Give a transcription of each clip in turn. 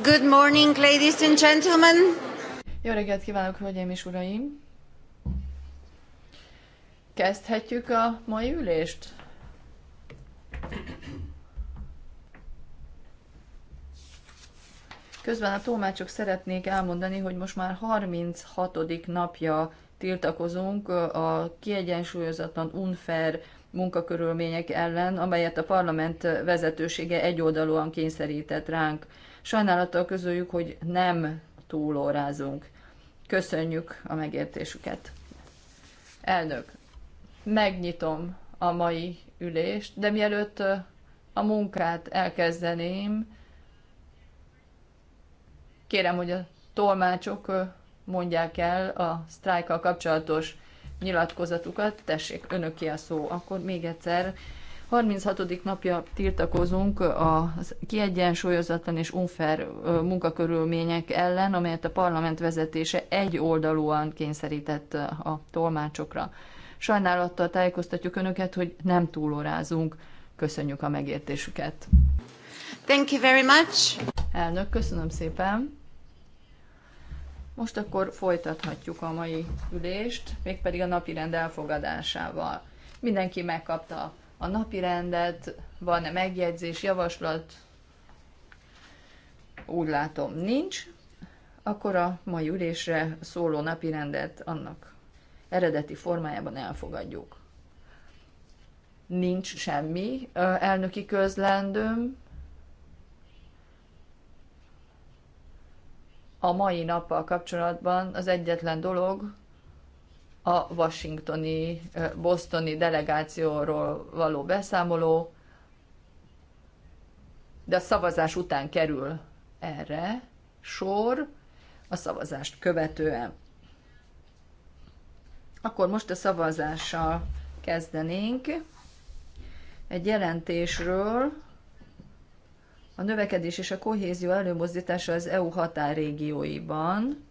Good morning, ladies and gentlemen. Jó reggelt kívánok, hölgyeim és uraim! Kezdhetjük a mai ülést? Közben a tolmácsok szeretnék elmondani, hogy most már 36. napja tiltakozunk a kiegyensúlyozatlan unfair munkakörülmények ellen, amelyet a parlament vezetősége egyoldalúan kényszerített ránk. Sajnálattal közöljük, hogy nem túlórázunk. Köszönjük a megértésüket. Elnök, megnyitom a mai ülést, de mielőtt a munkát elkezdeném, kérem, hogy a tolmácsok mondják el a sztrájkkal kapcsolatos nyilatkozatukat. Tessék, önöké a szó. Akkor még egyszer 36. napja tiltakozunk a kiegyensúlyozatlan és unfair munkakörülmények ellen, amelyet a parlament vezetése egy oldalúan kényszerített a tolmácsokra. Sajnálattal tájékoztatjuk Önöket, hogy nem túlórázunk. Köszönjük a megértésüket. Thank you very much. Elnök, köszönöm szépen. Most akkor folytathatjuk a mai ülést, mégpedig a napirend elfogadásával. Mindenki megkapta a napi rendet, van-e megjegyzés, javaslat? Úgy látom, nincs. Akkor a mai ülésre szóló napi rendet annak eredeti formájában elfogadjuk. Nincs semmi elnöki közlendőm. A mai nappal kapcsolatban az egyetlen dolog, a washingtoni, bostoni delegációról való beszámoló, de a szavazás után kerül erre sor, a szavazást követően. Akkor most a szavazással kezdenénk. Egy jelentésről a növekedés és a kohézió előmozdítása az EU határrégióiban.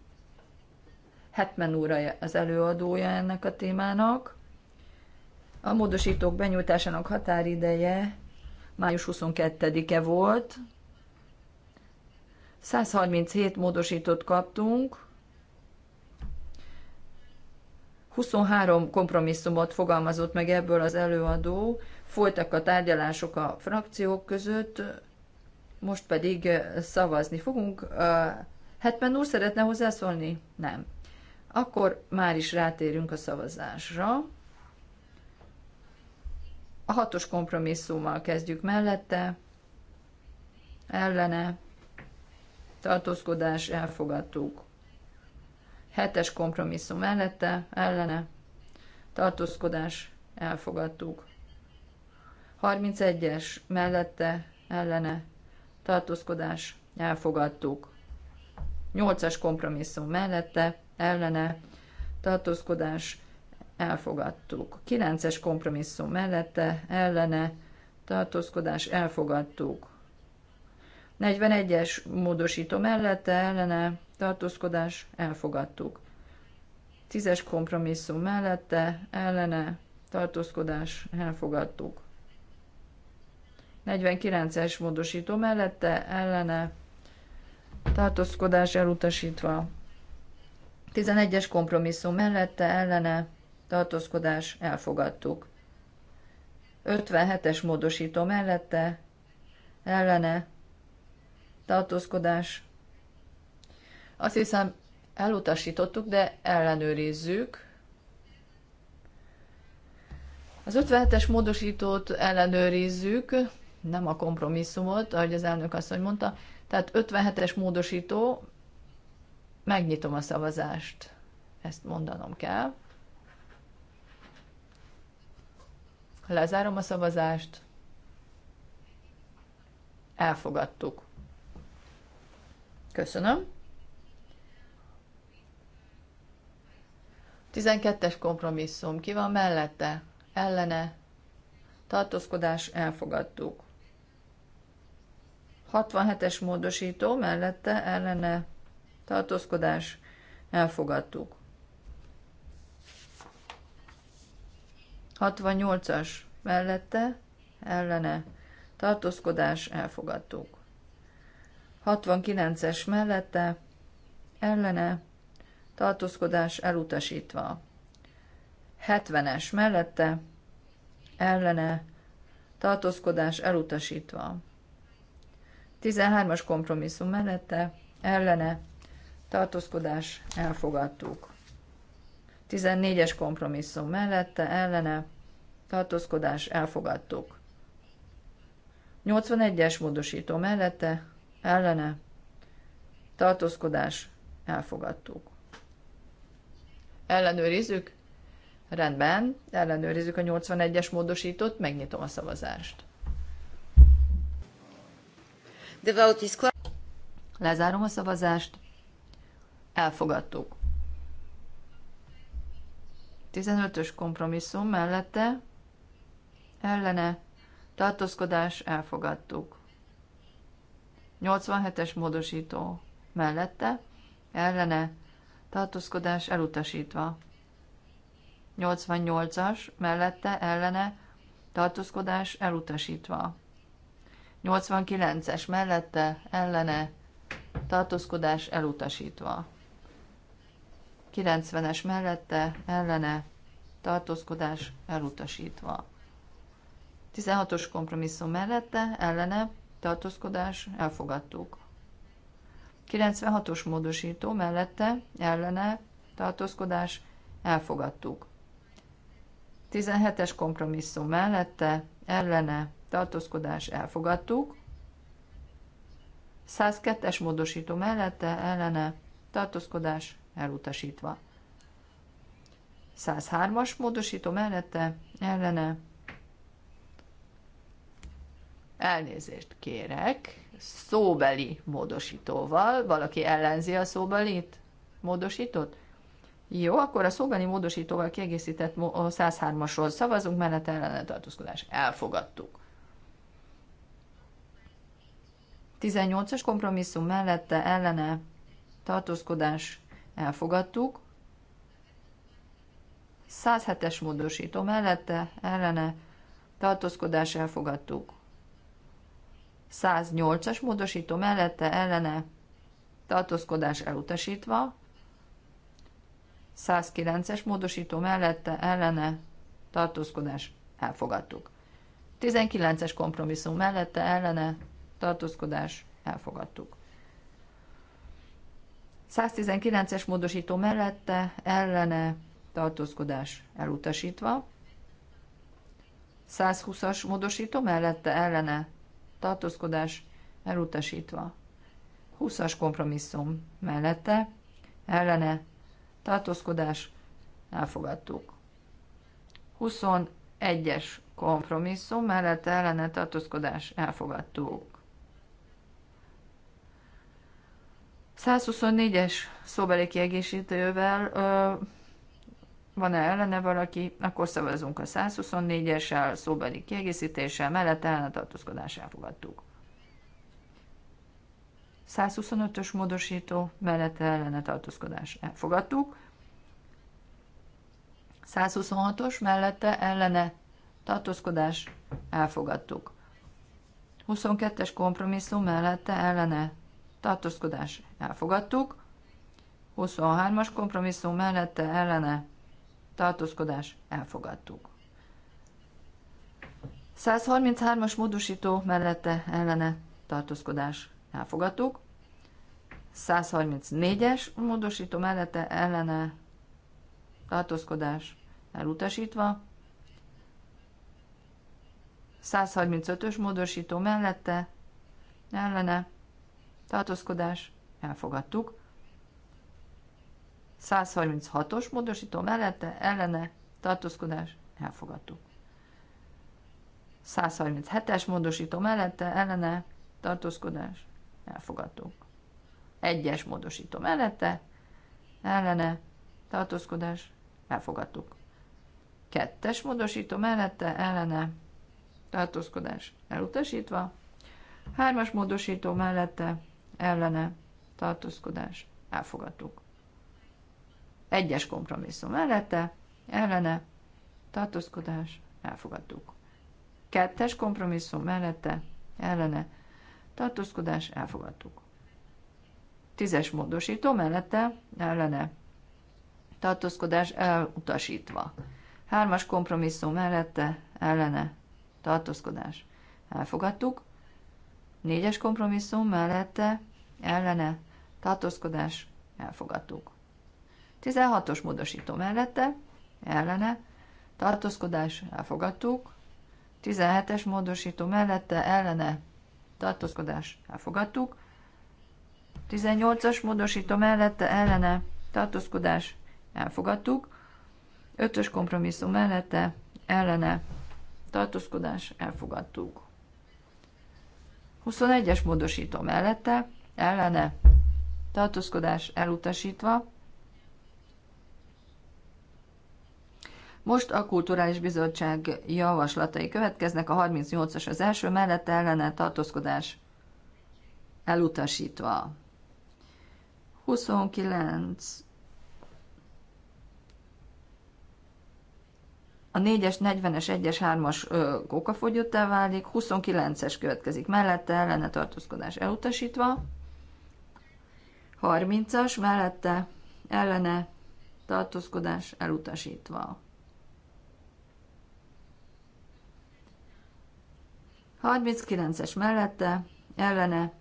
Hetmen úr az előadója ennek a témának. A módosítók benyújtásának határideje május 22-e volt. 137 módosítót kaptunk, 23 kompromisszumot fogalmazott meg ebből az előadó, folytak a tárgyalások a frakciók között, most pedig szavazni fogunk. Hetmen úr szeretne hozzászólni? Nem. Akkor már is rátérünk a szavazásra. A hatos kompromisszummal kezdjük mellette, ellene, tartózkodás, elfogadtuk. Hetes kompromisszum mellette, ellene, tartózkodás, elfogadtuk. 31-es mellette, ellene, tartózkodás, elfogadtuk. 8-as kompromisszum mellette, ellene tartózkodás elfogadtuk. 9-es kompromisszum mellette ellene tartózkodás elfogadtuk. 41-es módosító mellette ellene tartózkodás elfogadtuk. 10-es kompromisszum mellette ellene tartózkodás elfogadtuk. 49-es módosító mellette ellene tartózkodás elutasítva. 11-es kompromisszum mellette ellene tartózkodás elfogadtuk. 57-es módosító mellette ellene tartózkodás. Azt hiszem elutasítottuk, de ellenőrizzük. Az 57-es módosítót ellenőrizzük, nem a kompromisszumot, ahogy az elnök asszony mondta. Tehát 57-es módosító Megnyitom a szavazást, ezt mondanom kell. Lezárom a szavazást. Elfogadtuk. Köszönöm. 12-es kompromisszum. Ki van mellette? Ellene? Tartózkodás elfogadtuk. 67-es módosító mellette ellene tartózkodás, elfogadtuk. 68-as mellette, ellene, tartózkodás, elfogadtuk. 69-es mellette, ellene, tartózkodás elutasítva. 70-es mellette, ellene, tartózkodás elutasítva. 13-as kompromisszum mellette, ellene, tartózkodás, elfogadtuk. 14-es kompromisszum mellette, ellene, tartózkodás, elfogadtuk. 81-es módosító mellette, ellene, tartózkodás, elfogadtuk. Ellenőrizzük? Rendben, ellenőrizzük a 81-es módosítót, megnyitom a szavazást. The vote is Lezárom a szavazást elfogadtuk. 15-ös kompromisszum mellette ellene tartózkodás elfogadtuk. 87-es módosító mellette ellene tartózkodás elutasítva. 88-as mellette ellene tartózkodás elutasítva. 89-es mellette ellene tartózkodás elutasítva. 90-es mellette ellene tartózkodás elutasítva. 16-os kompromisszum mellette ellene tartózkodás elfogadtuk. 96-os módosító mellette ellene tartózkodás elfogadtuk. 17-es kompromisszum mellette ellene tartózkodás elfogadtuk. 102-es módosító mellette ellene tartózkodás elutasítva. 103-as módosító mellette, ellene. Elnézést kérek, szóbeli módosítóval. Valaki ellenzi a szóbelit? Módosítót? Jó, akkor a szóbeli módosítóval kiegészített 103-asról szavazunk, mellett ellene tartózkodás. Elfogadtuk. 18-as kompromisszum mellette ellene tartózkodás elfogadtuk. 107-es módosító mellette, ellene, tartózkodás elfogadtuk. 108-as módosító mellette, ellene, tartózkodás elutasítva. 109-es módosító mellette, ellene, tartózkodás elfogadtuk. 19-es kompromisszum mellette, ellene, tartózkodás elfogadtuk. 119-es módosító mellette ellene tartózkodás elutasítva. 120-as módosító mellette ellene tartózkodás elutasítva. 20-as kompromisszum mellette ellene tartózkodás elfogadtuk. 21-es kompromisszum mellette ellene tartózkodás elfogadtuk. 124-es szóbeli kiegészítővel van-e ellene valaki, akkor szavazunk a 124-essel, szóbeli kiegészítéssel, mellett ellen a tartózkodás elfogadtuk. 125-ös módosító, mellett tartózkodás elfogadtuk. 126-os mellette ellene tartózkodás elfogadtuk. 22-es kompromisszum mellette ellene tartózkodás elfogadtuk, 23-as kompromisszum mellette ellene tartózkodás elfogadtuk. 133-as módosító mellette ellene tartózkodás elfogadtuk, 134-es módosító mellette ellene tartózkodás elutasítva, 135-ös módosító mellette ellene tartózkodás, elfogadtuk. 136-os módosító mellette, ellene, tartózkodás, elfogadtuk. 137-es módosító mellette, ellene, tartózkodás, elfogadtuk. Egyes módosító mellette, ellene, tartózkodás, elfogadtuk. Kettes módosító mellette, ellene, tartózkodás, elutasítva. 3-as módosító mellette, ellene tartózkodás elfogadtuk. Egyes kompromisszum mellette ellene tartózkodás elfogadtuk. Kettes kompromisszum mellette ellene tartózkodás elfogadtuk. Tízes módosító mellette ellene tartózkodás elutasítva. Hármas kompromisszum mellette ellene tartózkodás elfogadtuk. Négyes kompromisszum mellette ellene, tartózkodás, elfogadtuk. 16-os módosító mellette, ellene, tartózkodás, elfogadtuk. 17-es módosító mellette, ellene, tartózkodás, elfogadtuk. 18-as módosító mellette, ellene, tartózkodás, elfogadtuk. 5-ös kompromisszum mellette, ellene, tartózkodás, elfogadtuk. 21-es módosító mellette, ellene tartózkodás elutasítva. Most a Kulturális Bizottság javaslatai következnek, a 38-as az első mellett ellene tartózkodás elutasítva. 29 a 4-es, 40-es, 1-es, 3-as kókafogyottá válik, 29-es következik mellette, ellene tartózkodás elutasítva. 30-as mellette ellene tartózkodás elutasítva. 39-es mellette ellene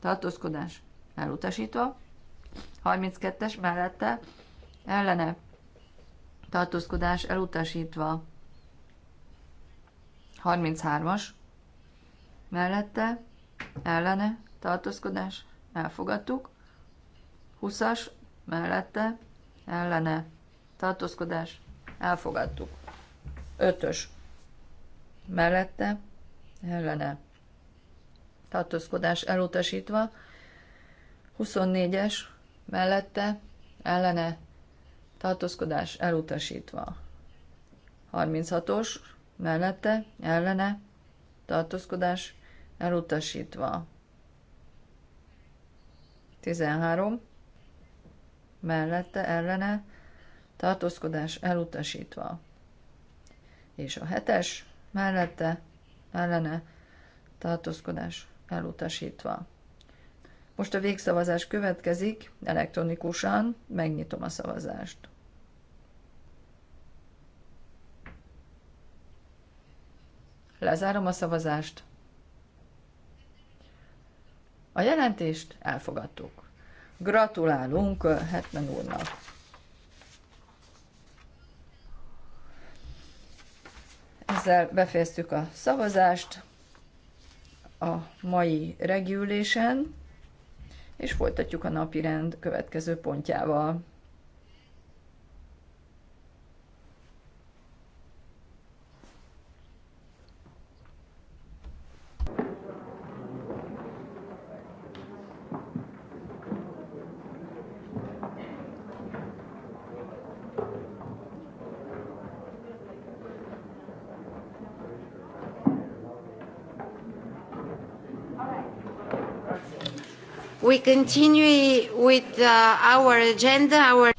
tartózkodás elutasítva. 32-es mellette ellene tartózkodás elutasítva. 33-as mellette ellene tartózkodás elfogadtuk. 20-as mellette ellene tartózkodás elfogadtuk. 5-ös mellette ellene tartózkodás elutasítva. 24-es mellette ellene tartózkodás elutasítva. 36-os mellette ellene tartózkodás elutasítva. 13 mellette ellene tartózkodás elutasítva. És a hetes mellette ellene tartózkodás elutasítva. Most a végszavazás következik, elektronikusan megnyitom a szavazást. Lezárom a szavazást. A jelentést elfogadtuk. Gratulálunk eh, Hetman úrnak. Ezzel befejeztük a szavazást a mai regülésen, és folytatjuk a napi rend következő pontjával. We continue with uh, our agenda, our...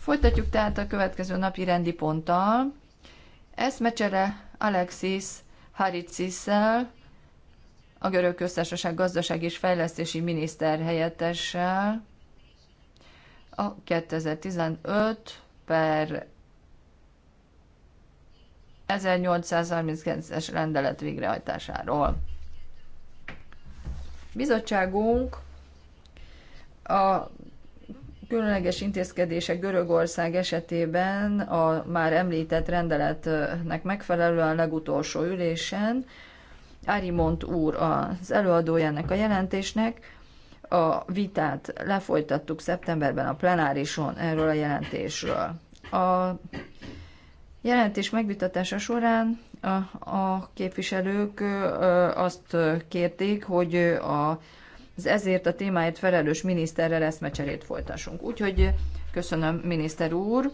Folytatjuk tehát a következő napi rendi ponttal. mecsere Alexis Haritsisszel, a görög köztársaság gazdaság és fejlesztési miniszter helyettessel a 2015 per 1839-es rendelet végrehajtásáról. Bizottságunk a különleges intézkedések Görögország esetében a már említett rendeletnek megfelelően legutolsó ülésen Arimont úr az előadójának a jelentésnek, a vitát lefolytattuk szeptemberben a plenárison erről a jelentésről. A jelentés megvitatása során a, a képviselők azt kérték, hogy a az ezért a témáért felelős miniszterrel eszmecserét folytassunk. Úgyhogy köszönöm miniszter úr,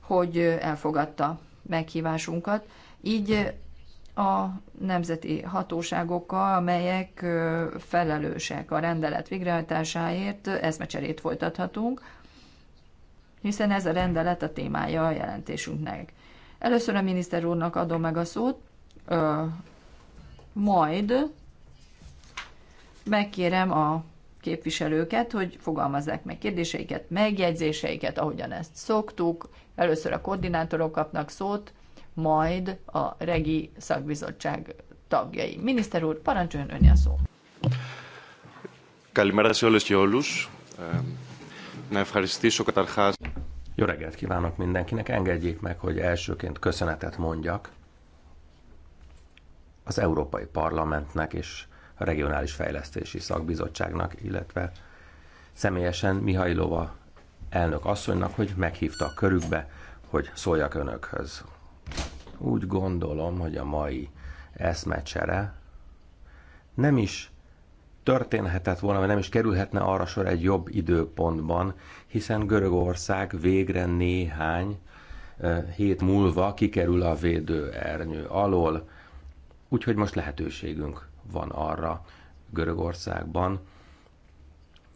hogy elfogadta meghívásunkat. Így a nemzeti hatóságokkal, amelyek felelősek a rendelet végrehajtásáért, eszmecserét folytathatunk, hiszen ez a rendelet a témája a jelentésünknek. Először a miniszter úrnak adom meg a szót, majd megkérem a képviselőket, hogy fogalmazzák meg kérdéseiket, megjegyzéseiket, ahogyan ezt szoktuk. Először a koordinátorok kapnak szót, majd a regi szakbizottság tagjai. Miniszter úr, parancsoljon önni a szó. Kalimera σε όλες Jó reggelt kívánok mindenkinek. Engedjék meg, hogy elsőként köszönetet mondjak az Európai Parlamentnek és a Regionális Fejlesztési Szakbizottságnak, illetve személyesen Mihajlova elnök asszonynak, hogy a körükbe, hogy szóljak önökhöz. Úgy gondolom, hogy a mai eszmecsere nem is történhetett volna, vagy nem is kerülhetne arra sor egy jobb időpontban, hiszen Görögország végre néhány hét múlva kikerül a védőernyő alól, úgyhogy most lehetőségünk van arra Görögországban,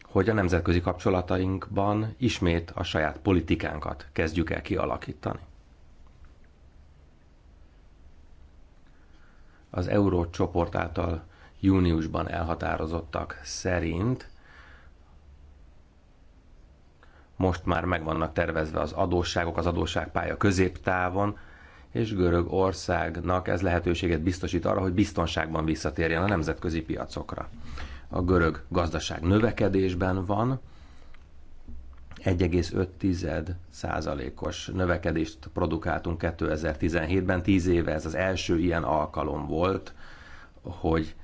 hogy a nemzetközi kapcsolatainkban ismét a saját politikánkat kezdjük el kialakítani. Az Eurócsoport által júniusban elhatározottak szerint most már megvannak tervezve az adósságok, az adósságpálya középtávon, és Görögországnak ez lehetőséget biztosít arra, hogy biztonságban visszatérjen a nemzetközi piacokra. A görög gazdaság növekedésben van, 1,5 százalékos növekedést produkáltunk 2017-ben, 10 éve ez az első ilyen alkalom volt, hogy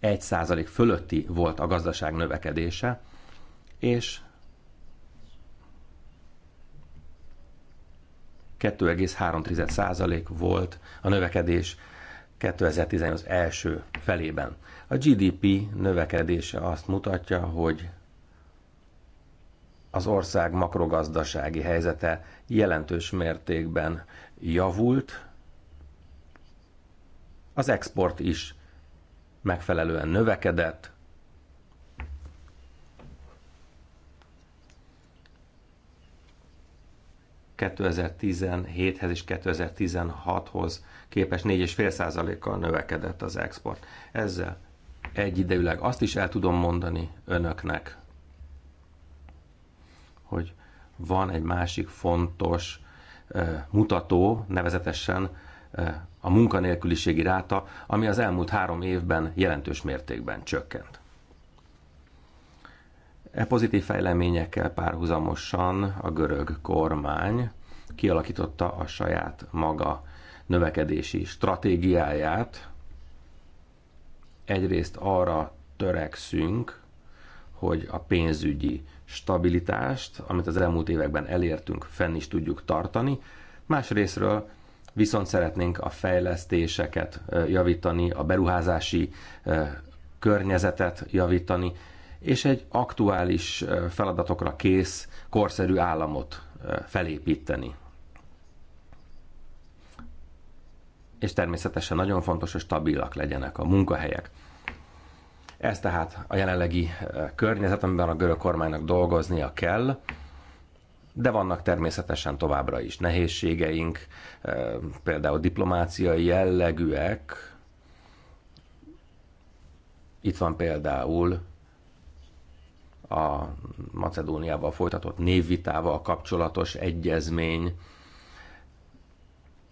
1 százalék fölötti volt a gazdaság növekedése, és 2,3% volt a növekedés 2018 első felében. A GDP növekedése azt mutatja, hogy az ország makrogazdasági helyzete jelentős mértékben javult, az export is megfelelően növekedett, 2017-hez és 2016-hoz képest 4,5%-kal növekedett az export. Ezzel egyidejűleg azt is el tudom mondani önöknek, hogy van egy másik fontos mutató, nevezetesen a munkanélküliségi ráta, ami az elmúlt három évben jelentős mértékben csökkent. E pozitív fejleményekkel párhuzamosan a görög kormány kialakította a saját maga növekedési stratégiáját. Egyrészt arra törekszünk, hogy a pénzügyi stabilitást, amit az elmúlt években elértünk, fenn is tudjuk tartani. Másrésztről viszont szeretnénk a fejlesztéseket javítani, a beruházási környezetet javítani, és egy aktuális feladatokra kész, korszerű államot felépíteni. És természetesen nagyon fontos, hogy stabilak legyenek a munkahelyek. Ez tehát a jelenlegi környezet, amiben a görög kormánynak dolgoznia kell, de vannak természetesen továbbra is nehézségeink, például diplomáciai jellegűek. Itt van például a Macedóniával folytatott névvitával kapcsolatos egyezmény,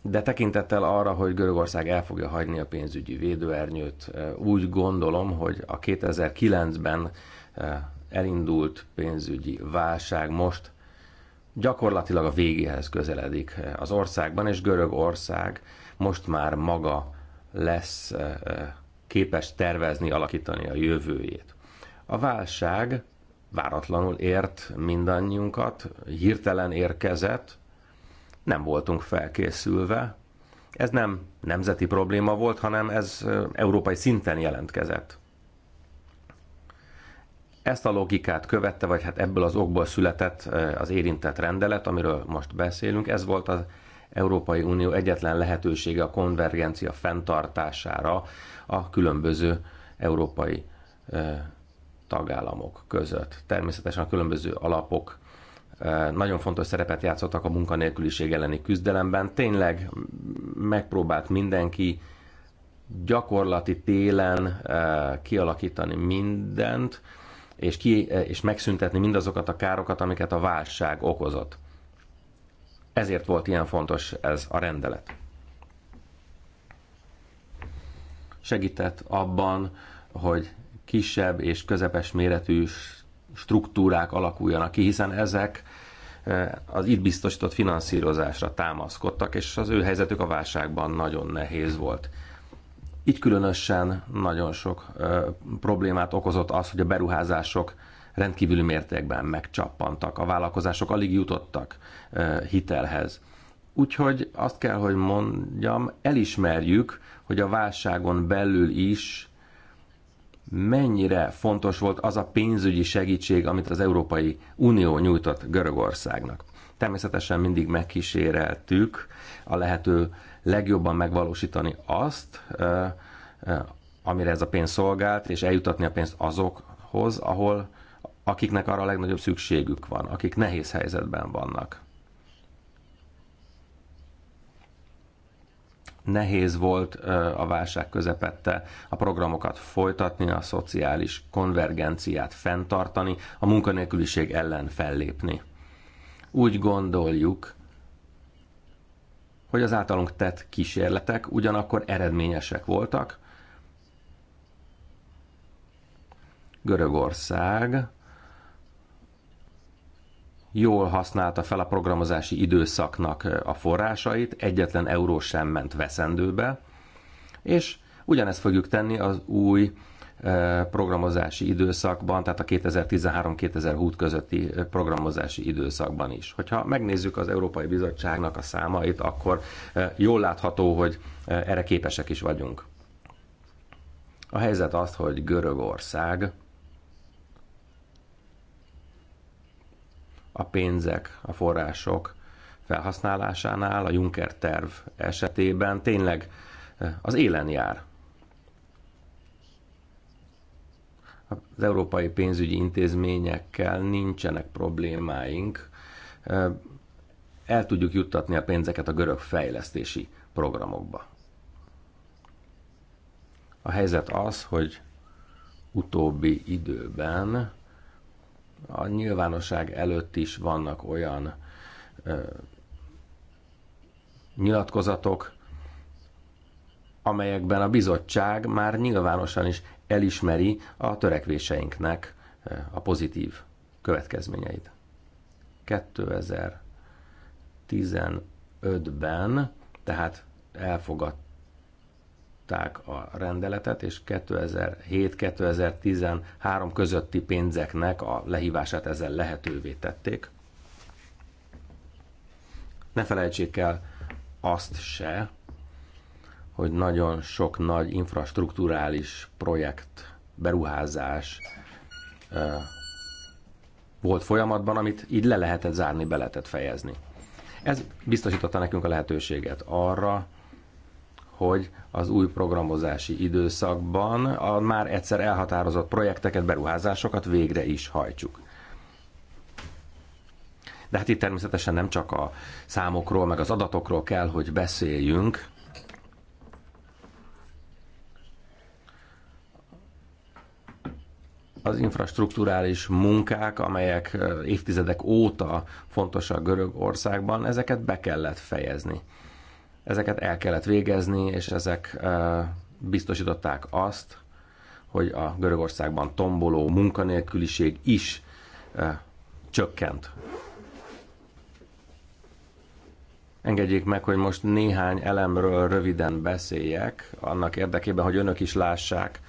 de tekintettel arra, hogy Görögország el fogja hagyni a pénzügyi védőernyőt, e, úgy gondolom, hogy a 2009-ben e, elindult pénzügyi válság most gyakorlatilag a végéhez közeledik e, az országban, és Görögország most már maga lesz képes tervezni, alakítani a jövőjét. A válság váratlanul ért mindannyiunkat, hirtelen érkezett, nem voltunk felkészülve. Ez nem nemzeti probléma volt, hanem ez európai szinten jelentkezett. Ezt a logikát követte, vagy hát ebből az okból született az érintett rendelet, amiről most beszélünk. Ez volt az Európai Unió egyetlen lehetősége a konvergencia fenntartására a különböző európai tagállamok között. Természetesen a különböző alapok eh, nagyon fontos szerepet játszottak a munkanélküliség elleni küzdelemben. Tényleg megpróbált mindenki gyakorlati télen eh, kialakítani mindent, és, ki, eh, és megszüntetni mindazokat a károkat, amiket a válság okozott. Ezért volt ilyen fontos ez a rendelet. Segített abban, hogy kisebb és közepes méretű struktúrák alakuljanak ki, hiszen ezek e, az itt biztosított finanszírozásra támaszkodtak, és az ő helyzetük a válságban nagyon nehéz volt. Így különösen nagyon sok ö, e, problémát okozott az, hogy a beruházások rendkívüli mértékben megcsappantak, a vállalkozások alig jutottak ö, e, hitelhez. Úgyhogy azt kell, hogy mondjam, elismerjük, hogy a válságon belül is mennyire fontos volt az a pénzügyi segítség, amit az Európai Unió nyújtott Görögországnak. Természetesen mindig megkíséreltük a lehető legjobban megvalósítani azt, amire ez a pénz szolgált, és eljutatni a pénzt azokhoz, ahol akiknek arra a legnagyobb szükségük van, akik nehéz helyzetben vannak. nehéz volt a válság közepette a programokat folytatni, a szociális konvergenciát fenntartani, a munkanélküliség ellen fellépni. Úgy gondoljuk, hogy az általunk tett kísérletek ugyanakkor eredményesek voltak. Görögország jól használta fel a programozási időszaknak eh, a forrásait, egyetlen euró sem ment veszendőbe, és ugyanezt fogjuk tenni az új eh, programozási időszakban, tehát a 2013-2020 közötti eh, programozási időszakban is. Hogyha megnézzük az Európai Bizottságnak a számait, akkor jól látható, hogy erre képesek is vagyunk. A helyzet az, hogy Görögország a pénzek, a források felhasználásánál a Juncker terv esetében tényleg eh, az élen jár. Az európai pénzügyi intézményekkel nincsenek problémáink. Eh, el tudjuk juttatni a pénzeket a görög fejlesztési programokba. A helyzet az, hogy utóbbi időben a nyilvánosság előtt is vannak olyan ö, nyilatkozatok, amelyekben a bizottság már nyilvánosan is elismeri a törekvéseinknek a pozitív következményeit. 2015-ben, tehát elfogadt megkapták a rendeletet, és 2007-2013 közötti pénzeknek a lehívását ezzel lehetővé tették. Ne felejtsék el azt se, hogy nagyon sok nagy infrastruktúrális projekt, beruházás volt folyamatban, amit így le lehetett zárni, be lehetett fejezni. Ez biztosította nekünk a lehetőséget arra, hogy az új programozási időszakban a már egyszer elhatározott projekteket, beruházásokat végre is hajtsuk. De hát itt természetesen nem csak a számokról, meg az adatokról kell, hogy beszéljünk, az infrastruktúrális munkák, amelyek eh, évtizedek óta fontosak Görögországban, ezeket be kellett fejezni. Ezeket el kellett végezni, és ezek biztosították azt, hogy a Görögországban tomboló munkanélküliség is csökkent. Engedjék meg, hogy most néhány elemről röviden beszéljek, annak érdekében, hogy önök is lássák,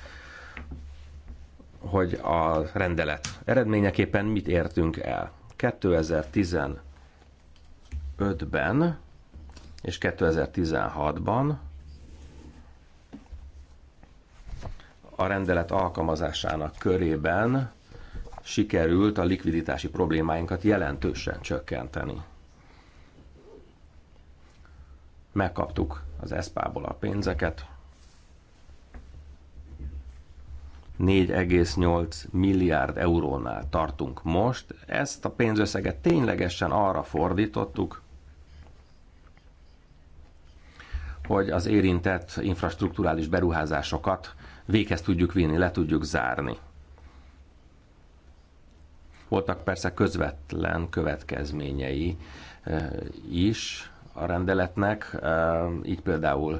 hogy a rendelet eredményeképpen mit értünk el. 2015-ben és 2016-ban a rendelet alkalmazásának körében sikerült a likviditási problémáinkat jelentősen csökkenteni. Megkaptuk az ESPA-ból a pénzeket, 4,8 milliárd eurónál tartunk most. Ezt a pénzösszeget ténylegesen arra fordítottuk, hogy az érintett infrastruktúrális beruházásokat véghez tudjuk vinni, le tudjuk zárni. Voltak persze közvetlen következményei eh, is a rendeletnek, eh, így például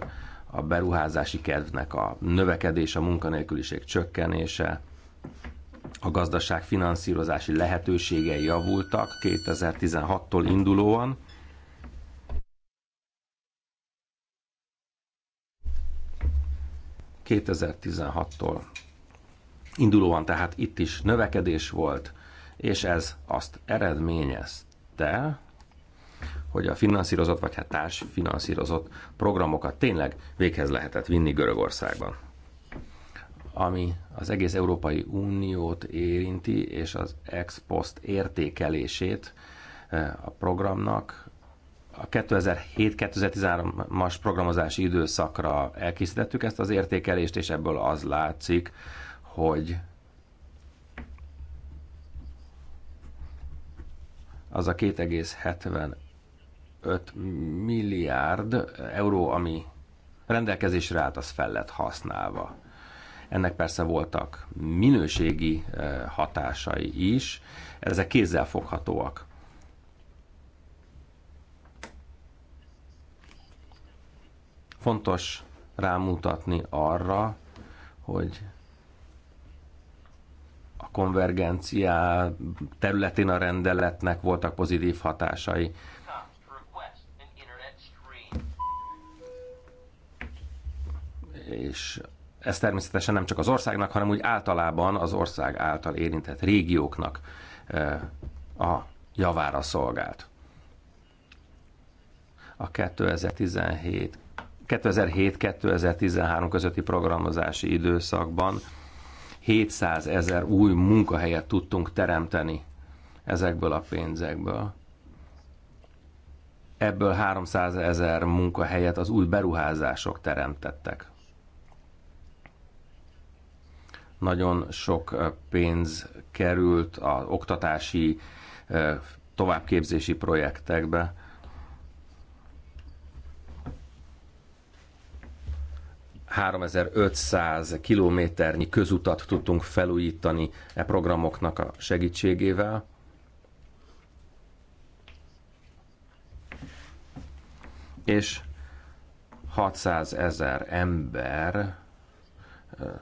a beruházási kedvnek a növekedés, a munkanélküliség csökkenése, a gazdaság finanszírozási lehetőségei javultak 2016-tól indulóan, 2016-tól. Indulóan tehát itt is növekedés volt, és ez azt eredményezte, hogy a finanszírozott, vagy hát társfinanszírozott programokat tényleg véghez lehetett vinni Görögországban. Ami az egész Európai Uniót érinti, és az ex post értékelését eh, a programnak a 2007-2013-as programozási időszakra elkészítettük ezt az értékelést, és ebből az látszik, hogy az a 2,75 milliárd euró, ami rendelkezésre állt, az fel lett használva. Ennek persze voltak minőségi eh, hatásai is, ezek kézzelfoghatóak Fontos rámutatni arra, hogy a konvergencia területén a rendeletnek voltak pozitív hatásai. És ez természetesen nem csak az országnak, hanem úgy általában az ország által érintett régióknak eh, a javára szolgált. A 2017 2007-2013 közötti programozási időszakban 700 ezer új munkahelyet tudtunk teremteni ezekből a pénzekből. Ebből 300 ezer munkahelyet az új beruházások teremtettek. Nagyon sok pénz került az oktatási, továbbképzési projektekbe 3500 kilométernyi közutat tudtunk felújítani e programoknak a segítségével. És 600 ezer ember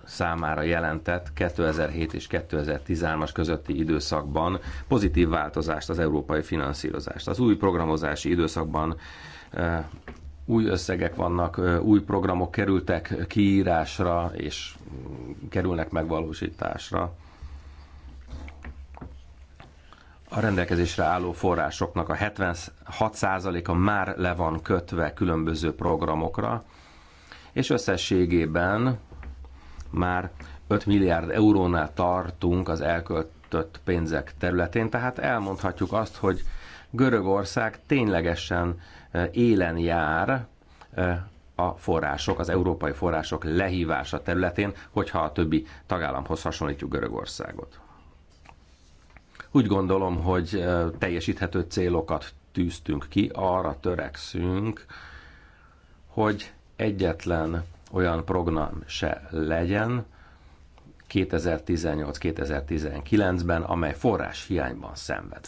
számára jelentett 2007 és 2013-as közötti időszakban pozitív változást az európai finanszírozást. Az új programozási időszakban új összegek vannak, új programok kerültek kiírásra, és kerülnek megvalósításra. A rendelkezésre álló forrásoknak a 76%-a már le van kötve különböző programokra, és összességében már 5 milliárd eurónál tartunk az elköltött pénzek területén, tehát elmondhatjuk azt, hogy Görögország ténylegesen élen jár a források, az európai források lehívása területén, hogyha a többi tagállamhoz hasonlítjuk Görögországot. Úgy gondolom, hogy teljesíthető célokat tűztünk ki, arra törekszünk, hogy egyetlen olyan program se legyen 2018-2019-ben, amely forrás hiányban szenved.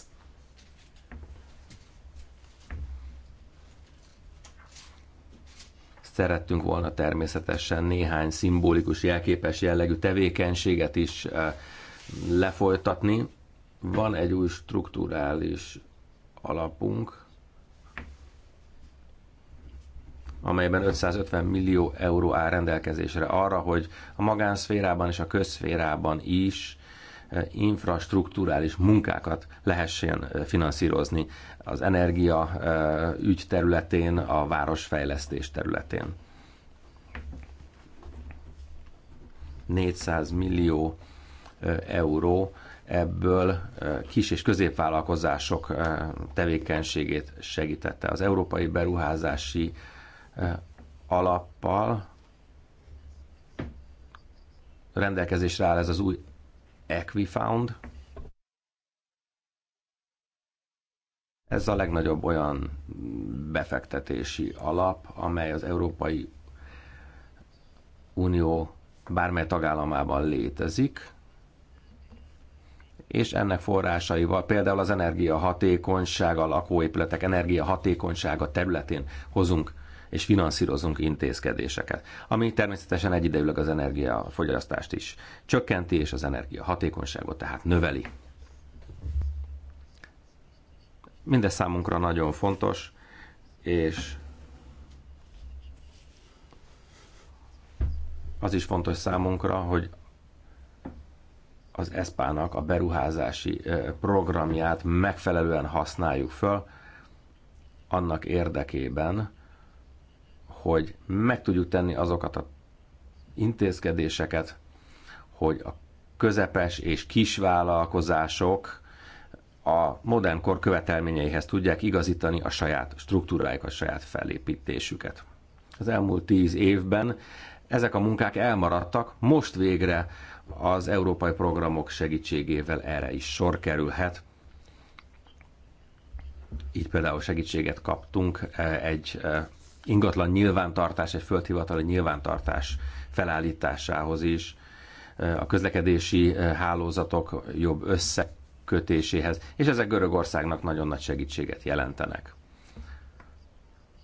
szerettünk volna természetesen néhány szimbolikus, jelképes jellegű tevékenységet is eh, lefolytatni. Van egy új strukturális alapunk, amelyben 550 millió euró áll rendelkezésre arra, hogy a magánszférában és a közszférában is eh, infrastruktúrális munkákat lehessen eh, finanszírozni az energia ügy területén, a városfejlesztés területén. 400 millió euró ebből kis és középvállalkozások tevékenységét segítette. Az Európai Beruházási Alappal rendelkezésre áll ez az új Equifound, Ez a legnagyobb olyan befektetési alap, amely az Európai Unió bármely tagállamában létezik, és ennek forrásaival például az energiahatékonyság, a lakóépületek energiahatékonysága területén hozunk és finanszírozunk intézkedéseket, ami természetesen egyidejűleg az energiafogyasztást is csökkenti, és az energiahatékonyságot tehát növeli. Mindez számunkra nagyon fontos, és az is fontos számunkra, hogy az ESPÁ-nak a beruházási programját megfelelően használjuk föl, annak érdekében, hogy meg tudjuk tenni azokat a intézkedéseket, hogy a közepes és kis vállalkozások a modern kor követelményeihez tudják igazítani a saját struktúráikat, a saját felépítésüket. Az elmúlt tíz évben ezek a munkák elmaradtak, most végre az európai programok segítségével erre is sor kerülhet. Így például segítséget kaptunk e, egy e, ingatlan nyilvántartás, egy földhivatali nyilvántartás felállításához is, e, a közlekedési hálózatok jobb össze kötéséhez, és ezek Görögországnak nagyon nagy segítséget jelentenek.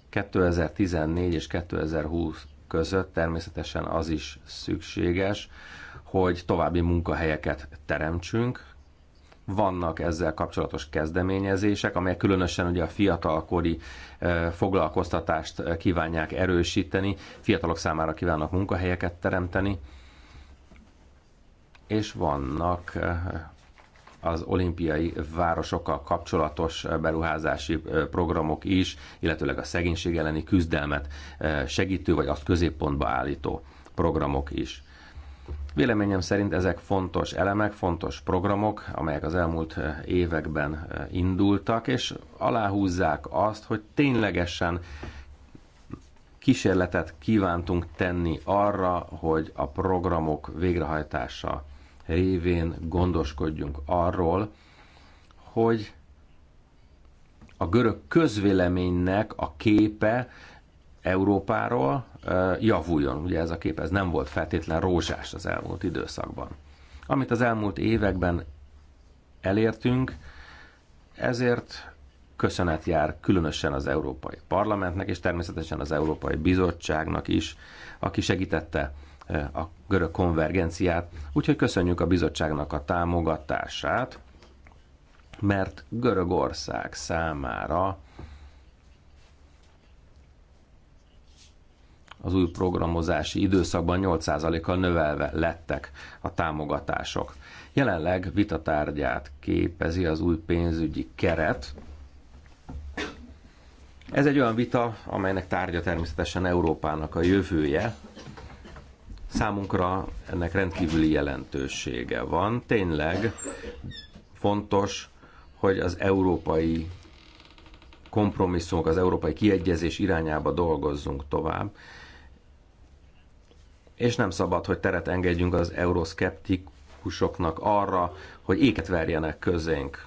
2014 és 2020 között természetesen az is szükséges, hogy további munkahelyeket teremtsünk. Vannak ezzel kapcsolatos kezdeményezések, amelyek különösen ugye a fiatalkori foglalkoztatást kívánják erősíteni, fiatalok számára kívánnak munkahelyeket teremteni, és vannak az olimpiai városokkal kapcsolatos beruházási programok is, illetőleg a szegénység elleni küzdelmet segítő, vagy azt középpontba állító programok is. Véleményem szerint ezek fontos elemek, fontos programok, amelyek az elmúlt években indultak, és aláhúzzák azt, hogy ténylegesen kísérletet kívántunk tenni arra, hogy a programok végrehajtása révén gondoskodjunk arról, hogy a görög közvéleménynek a képe Európáról javuljon. Ugye ez a kép ez nem volt feltétlen rózsás az elmúlt időszakban. Amit az elmúlt években elértünk, ezért köszönet jár különösen az Európai Parlamentnek, és természetesen az Európai Bizottságnak is, aki segítette a görög konvergenciát. Úgyhogy köszönjük a bizottságnak a támogatását, mert Görögország számára az új programozási időszakban 8%-kal növelve lettek a támogatások. Jelenleg vitatárgyát képezi az új pénzügyi keret. Ez egy olyan vita, amelynek tárgya természetesen Európának a jövője, Számunkra ennek rendkívüli jelentősége van. Tényleg fontos, hogy az európai kompromisszumok, az európai kiegyezés irányába dolgozzunk tovább, és nem szabad, hogy teret engedjünk az euroszkeptikusoknak arra, hogy éket verjenek közénk.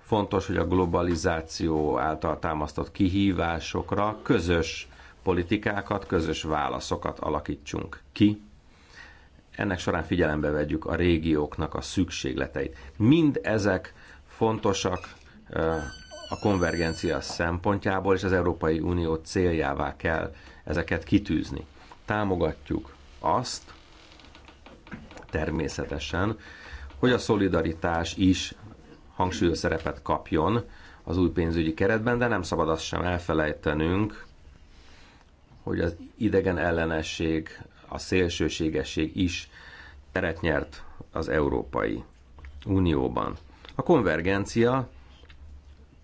Fontos, hogy a globalizáció által támasztott kihívásokra közös politikákat, közös válaszokat alakítsunk ki. Ennek során figyelembe vegyük a régióknak a szükségleteit. Mind ezek fontosak eh, a konvergencia szempontjából, és az Európai Unió céljává kell ezeket kitűzni. Támogatjuk azt, természetesen, hogy a szolidaritás is hangsúlyos szerepet kapjon az új pénzügyi keretben, de nem szabad azt sem elfelejtenünk, hogy az idegen ellenesség, a szélsőségesség is teret nyert az Európai Unióban. A konvergencia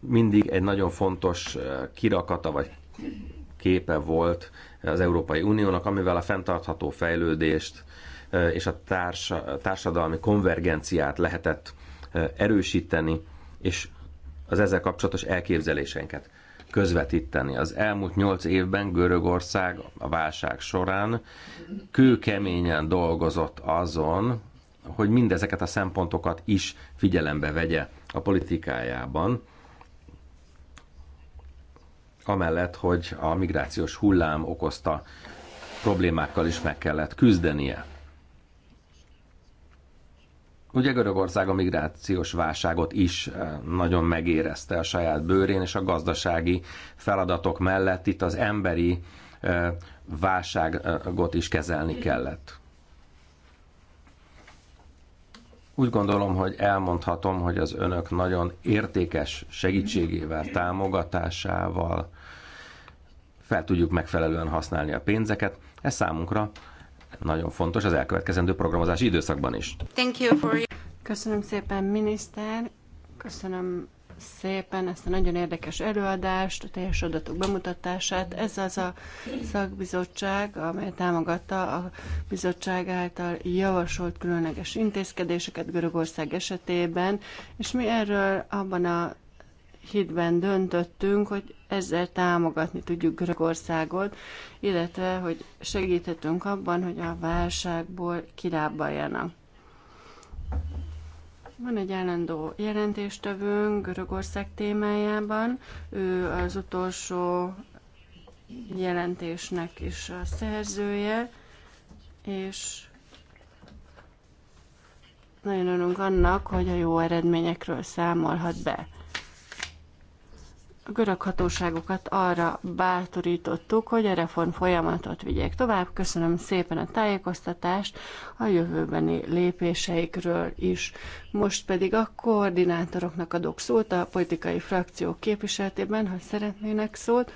mindig egy nagyon fontos eh, kirakata vagy képe volt az Európai Uniónak, amivel a fenntartható fejlődést eh, és a társa, társadalmi konvergenciát lehetett eh, erősíteni, és az ezzel kapcsolatos elképzeléseinket közvetíteni. Az elmúlt nyolc évben Görögország a válság során kőkeményen dolgozott azon, hogy mindezeket a szempontokat is figyelembe vegye a politikájában, amellett, hogy a migrációs hullám okozta problémákkal is meg kellett küzdenie. Ugye Görögország a migrációs válságot is eh, nagyon megérezte a saját bőrén, és a gazdasági feladatok mellett itt az emberi eh, válságot is kezelni kellett. Úgy gondolom, hogy elmondhatom, hogy az önök nagyon értékes segítségével, támogatásával fel tudjuk megfelelően használni a pénzeket. Ez számunkra nagyon fontos az elkövetkezendő programozási időszakban is. Thank you for... you. Köszönöm szépen, miniszter, köszönöm szépen ezt a nagyon érdekes előadást, a teljes adatok bemutatását. Ez az a szakbizottság, amely támogatta a bizottság által javasolt különleges intézkedéseket Görögország esetében, és mi erről abban a hitben döntöttünk, hogy ezzel támogatni tudjuk Görögországot, illetve hogy segíthetünk abban, hogy a válságból kilábaljanak. Van egy állandó jelentéstevőnk Görögország témájában. Ő az utolsó jelentésnek is a szerzője, és nagyon örülünk annak, hogy a jó eredményekről számolhat be a görög hatóságokat arra bátorítottuk, hogy a reform folyamatot vigyék tovább. Köszönöm szépen a tájékoztatást a jövőbeni lépéseikről is. Most pedig a koordinátoroknak adok szót a politikai frakció képviseletében, ha szeretnének szót.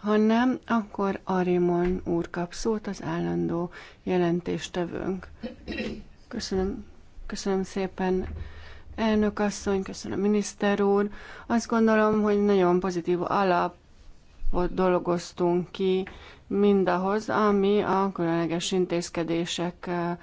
Ha nem, akkor Arimon úr kap szót, az állandó jelentéstevőnk. Köszönöm, köszönöm szépen Elnök asszony, köszönöm miniszter úr. Azt gondolom, hogy nagyon pozitív alapot dolgoztunk ki mindahhoz, ami a különleges intézkedések eh,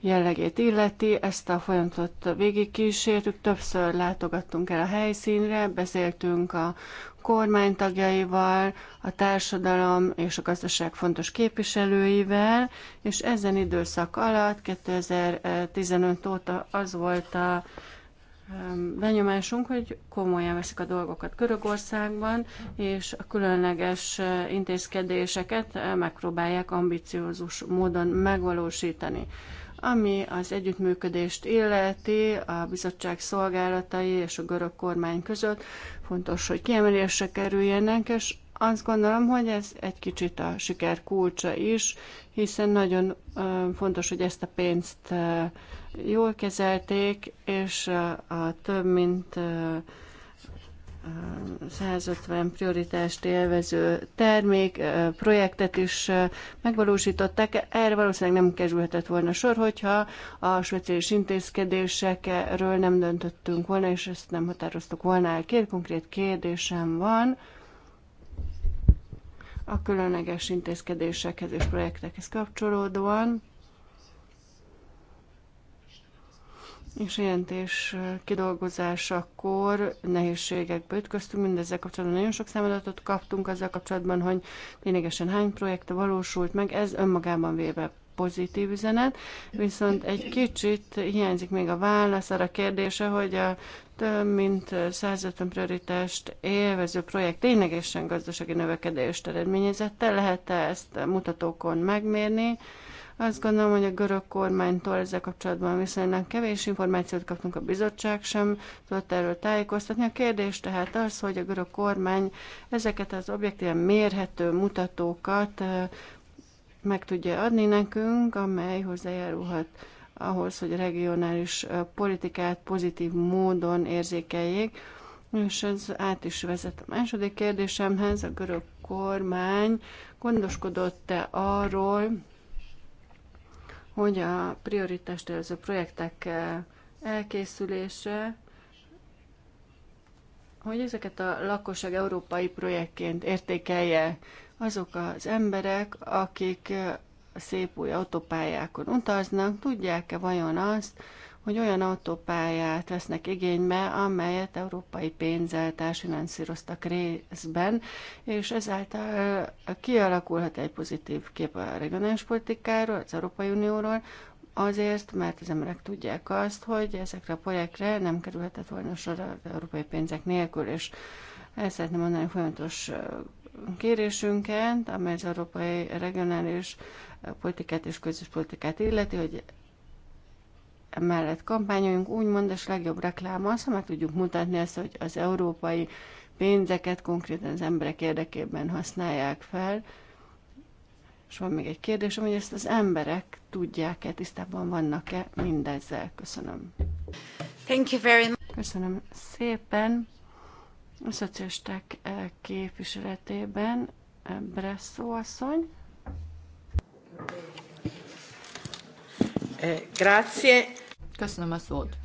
jellegét illeti. Ezt a folyamatot végigkísértük, többször látogattunk el a helyszínre, beszéltünk a kormánytagjaival, a társadalom és a gazdaság fontos képviselőivel, és ezen időszak alatt 2015 óta az volt a benyomásunk, hogy komolyan veszik a dolgokat Görögországban, és a különleges intézkedéseket megpróbálják ambiciózus módon megvalósítani. Ami az együttműködést illeti a bizottság szolgálatai és a görög kormány között, fontos, hogy kiemelésre kerüljenek, és azt gondolom, hogy ez egy kicsit a siker kulcsa is, hiszen nagyon fontos, hogy ezt a pénzt jól kezelték, és a több mint 150 prioritást élvező termék, projektet is megvalósították. Erre valószínűleg nem kerülhetett volna sor, hogyha a speciális intézkedésekről nem döntöttünk volna, és ezt nem határoztuk volna el. Két konkrét kérdésem van a különleges intézkedésekhez és projektekhez kapcsolódóan. és jelentés kidolgozásakor nehézségekbe ütköztünk, mindezzel kapcsolatban nagyon sok számadatot kaptunk azzal kapcsolatban, hogy ténylegesen hány projekt valósult meg, ez önmagában véve pozitív üzenet, viszont egy kicsit hiányzik még a válasz arra kérdése, hogy a több mint 150 prioritást élvező projekt ténylegesen gazdasági növekedést eredményezette, lehet -e ezt mutatókon megmérni, azt gondolom, hogy a görög kormánytól ezzel kapcsolatban viszonylag kevés információt kaptunk, a bizottság sem tudott erről tájékoztatni. A kérdés tehát az, hogy a görög kormány ezeket az objektíven mérhető mutatókat meg tudja adni nekünk, amely hozzájárulhat ahhoz, hogy a regionális politikát pozitív módon érzékeljék. És ez át is vezet a második kérdésemhez. A görög kormány gondoskodott-e arról, hogy a prioritást előző projektek eh, elkészülése, hogy ezeket a lakosság európai projektként értékelje azok az emberek, akik eh, a szép új autópályákon utaznak, tudják-e vajon azt, hogy olyan autópályát vesznek igénybe, amelyet európai pénzzel társfinanszíroztak részben, és ezáltal kialakulhat egy pozitív kép a regionális politikáról, az Európai Unióról, azért, mert az emberek tudják azt, hogy ezekre a projektre nem kerülhetett volna sor az európai pénzek nélkül, és ezt szeretném mondani folyamatos kérésünket, amely az európai regionális politikát és közös politikát illeti, hogy mellett kampányoljunk, úgymond a legjobb reklám az, ha meg tudjuk mutatni azt, hogy az európai pénzeket konkrétan az emberek érdekében használják fel. És van még egy kérdésem, hogy ezt az emberek tudják-e, tisztában vannak-e mindezzel. Köszönöm. Thank you very much. Köszönöm szépen. A szocialisták eh, képviseletében eh, Bresszó asszony. Eh, grazie. Köszönöm a szót.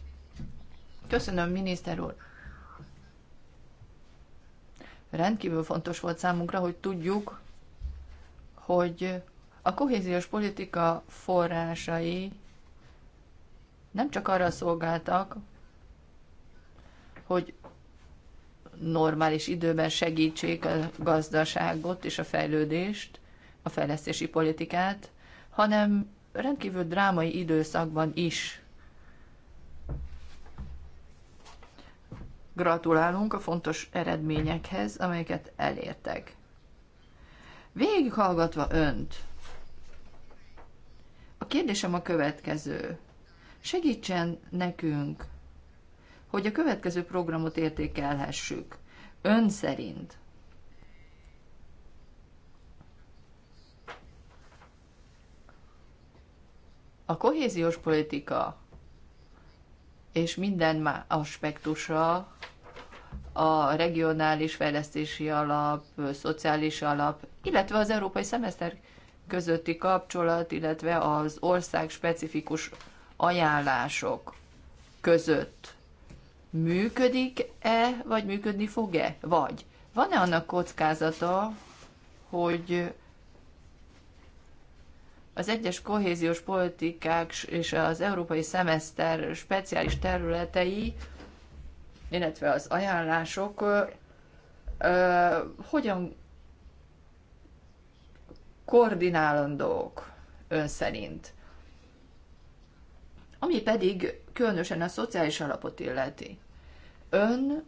Köszönöm, miniszter úr. Rendkívül fontos volt számunkra, hogy tudjuk, hogy a kohéziós politika forrásai nem csak arra szolgáltak, hogy normális időben segítsék a gazdaságot és a fejlődést, a fejlesztési politikát, hanem rendkívül drámai időszakban is. Gratulálunk a fontos eredményekhez, amelyeket elértek. Végighallgatva önt, a kérdésem a következő. Segítsen nekünk, hogy a következő programot értékelhessük. Ön szerint A kohéziós politika és minden más aspektusa a regionális fejlesztési alap, szociális alap, illetve az európai szemeszter közötti kapcsolat, illetve az ország specifikus ajánlások között működik-e, vagy működni fog-e? Vagy van-e annak kockázata, hogy az egyes kohéziós politikák és az európai szemeszter speciális területei, illetve az ajánlások ö, hogyan koordinálandók ön szerint. Ami pedig különösen a szociális alapot illeti. Ön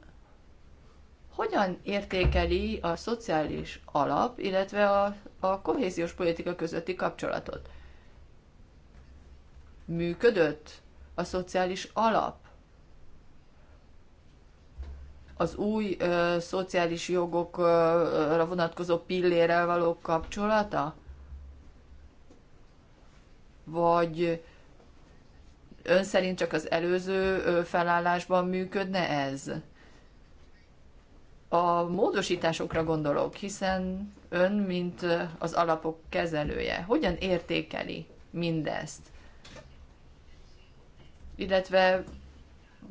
hogyan értékeli a szociális alap, illetve a, a kohéziós politika közötti kapcsolatot? Működött a szociális alap? Az új ö, szociális jogokra vonatkozó pillérrel való kapcsolata? Vagy ön szerint csak az előző felállásban működne ez? A módosításokra gondolok, hiszen ön, mint az alapok kezelője, hogyan értékeli mindezt? Illetve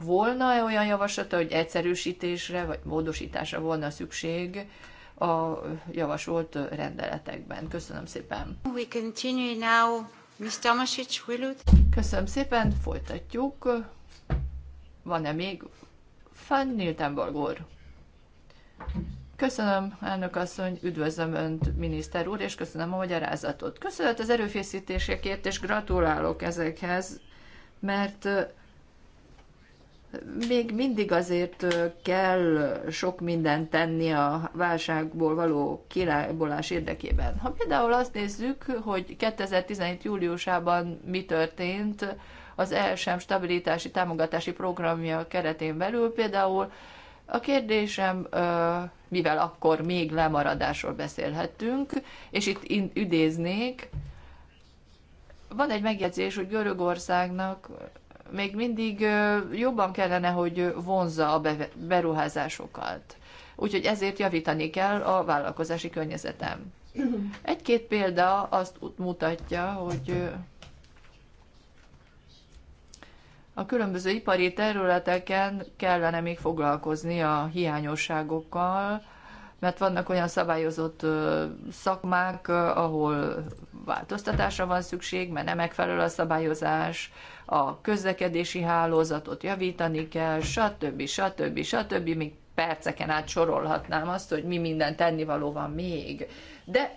volna-e olyan javaslata, hogy egyszerűsítésre vagy módosításra volna szükség a javasolt rendeletekben? Köszönöm szépen. We continue now. Ms. Tomasic, Willut. Köszönöm szépen, folytatjuk. Van-e még Fanny Niltenborg úr? Köszönöm, elnök asszony, üdvözlöm Önt, miniszter úr, és köszönöm a magyarázatot. Köszönet az erőfészítésekért, és gratulálok ezekhez, mert még mindig azért kell sok mindent tenni a válságból való kilábolás érdekében. Ha például azt nézzük, hogy 2017. júliusában mi történt az ELSEM stabilitási támogatási programja keretén belül, például a kérdésem, mivel akkor még lemaradásról beszélhetünk, és itt üdéznék, van egy megjegyzés, hogy Görögországnak még mindig jobban kellene, hogy vonzza a beruházásokat. Úgyhogy ezért javítani kell a vállalkozási környezetem. Egy-két példa azt mutatja, hogy a különböző ipari területeken kellene még foglalkozni a hiányosságokkal, mert vannak olyan szabályozott szakmák, ahol változtatásra van szükség, mert nem megfelelő a szabályozás, a közlekedési hálózatot javítani kell, stb. stb. stb. Még perceken át sorolhatnám azt, hogy mi minden tennivaló van még. De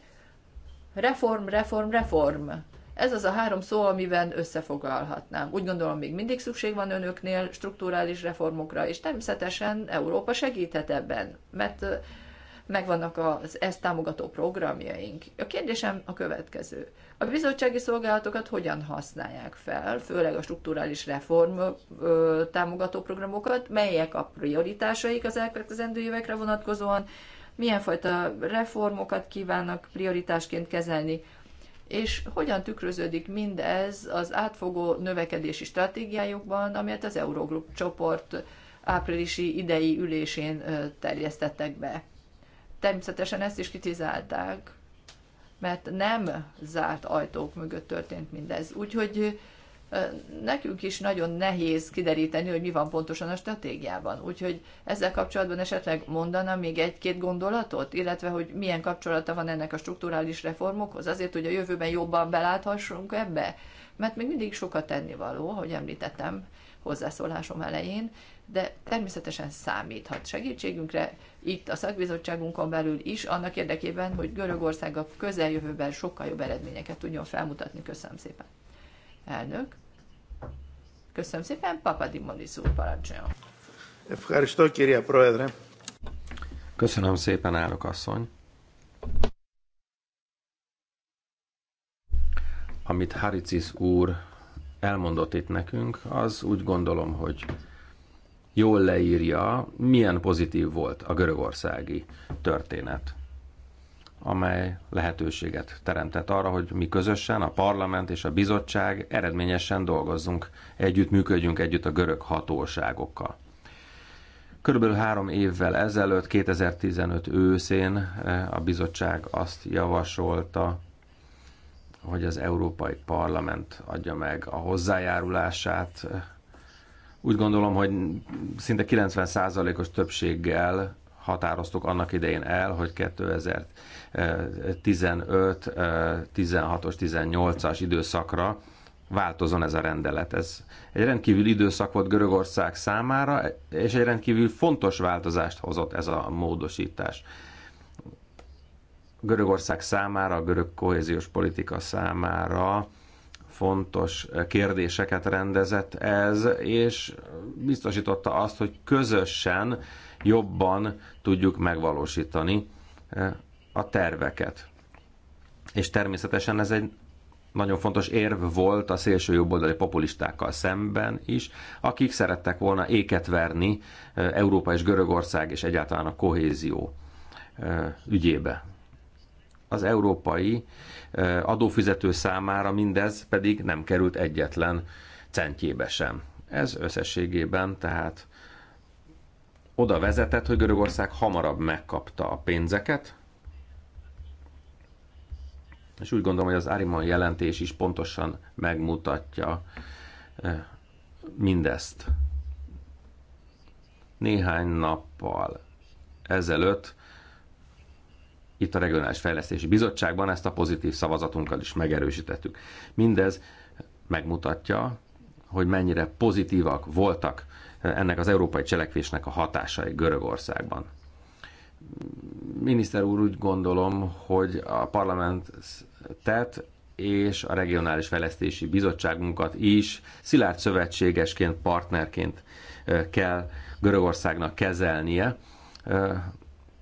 reform, reform, reform. Ez az a három szó, amiben összefoglalhatnám. Úgy gondolom, még mindig szükség van önöknél strukturális reformokra, és természetesen Európa segíthet ebben, mert megvannak az ezt támogató programjaink. A kérdésem a következő. A bizottsági szolgálatokat hogyan használják fel, főleg a strukturális reform ö, támogató programokat, melyek a prioritásaik az elkövetkezendő évekre vonatkozóan, milyen fajta reformokat kívánnak prioritásként kezelni, és hogyan tükröződik mindez az átfogó növekedési stratégiájukban, amelyet az Eurogroup csoport áprilisi idei ülésén terjesztettek be. Természetesen ezt is kritizálták, mert nem zárt ajtók mögött történt mindez. Úgyhogy nekünk is nagyon nehéz kideríteni, hogy mi van pontosan a stratégiában. Úgyhogy ezzel kapcsolatban esetleg mondana még egy-két gondolatot, illetve hogy milyen kapcsolata van ennek a strukturális reformokhoz, azért, hogy a jövőben jobban beláthassunk ebbe. Mert még mindig sokat tennivaló, ahogy említettem hozzászólásom elején, de természetesen számíthat segítségünkre itt a szakbizottságunkon belül is, annak érdekében, hogy Görögország a közeljövőben sokkal jobb eredményeket tudjon felmutatni. Köszönöm szépen! Elnök. Köszönöm szépen, Papadimonis úr parancsoljon. Köszönöm szépen, elnök asszony. Amit Haricis úr elmondott itt nekünk, az úgy gondolom, hogy jól leírja, milyen pozitív volt a görögországi történet amely lehetőséget teremtett arra, hogy mi közösen, a parlament és a bizottság eredményesen dolgozzunk, együtt működjünk együtt a görög hatóságokkal. Körülbelül három évvel ezelőtt, 2015 őszén eh, a bizottság azt javasolta, hogy az Európai Parlament adja meg a hozzájárulását. Úgy gondolom, hogy szinte 90%-os többséggel határoztuk annak idején el, hogy 2015, 16-os, 18-as időszakra változon ez a rendelet. Ez egy rendkívül időszak volt Görögország számára, és egy rendkívül fontos változást hozott ez a módosítás. Görögország számára, a görög kohéziós politika számára fontos kérdéseket rendezett ez, és biztosította azt, hogy közösen jobban tudjuk megvalósítani eh, a terveket. És természetesen ez egy nagyon fontos érv volt a szélső jobboldali populistákkal szemben is, akik szerettek volna éket verni eh, Európa és Görögország és egyáltalán a kohézió eh, ügyébe. Az európai adófizető számára mindez pedig nem került egyetlen centjébe sem. Ez összességében tehát oda vezetett, hogy Görögország hamarabb megkapta a pénzeket, és úgy gondolom, hogy az Ariman jelentés is pontosan megmutatja eh, mindezt. Néhány nappal ezelőtt itt a Regionális Fejlesztési Bizottságban ezt a pozitív szavazatunkkal is megerősítettük. Mindez megmutatja, hogy mennyire pozitívak voltak ennek az európai cselekvésnek a hatásai Görögországban. Miniszter úr, úgy gondolom, hogy a parlament tett és a Regionális Fejlesztési Bizottságunkat is szilárd szövetségesként, partnerként kell Görögországnak kezelnie.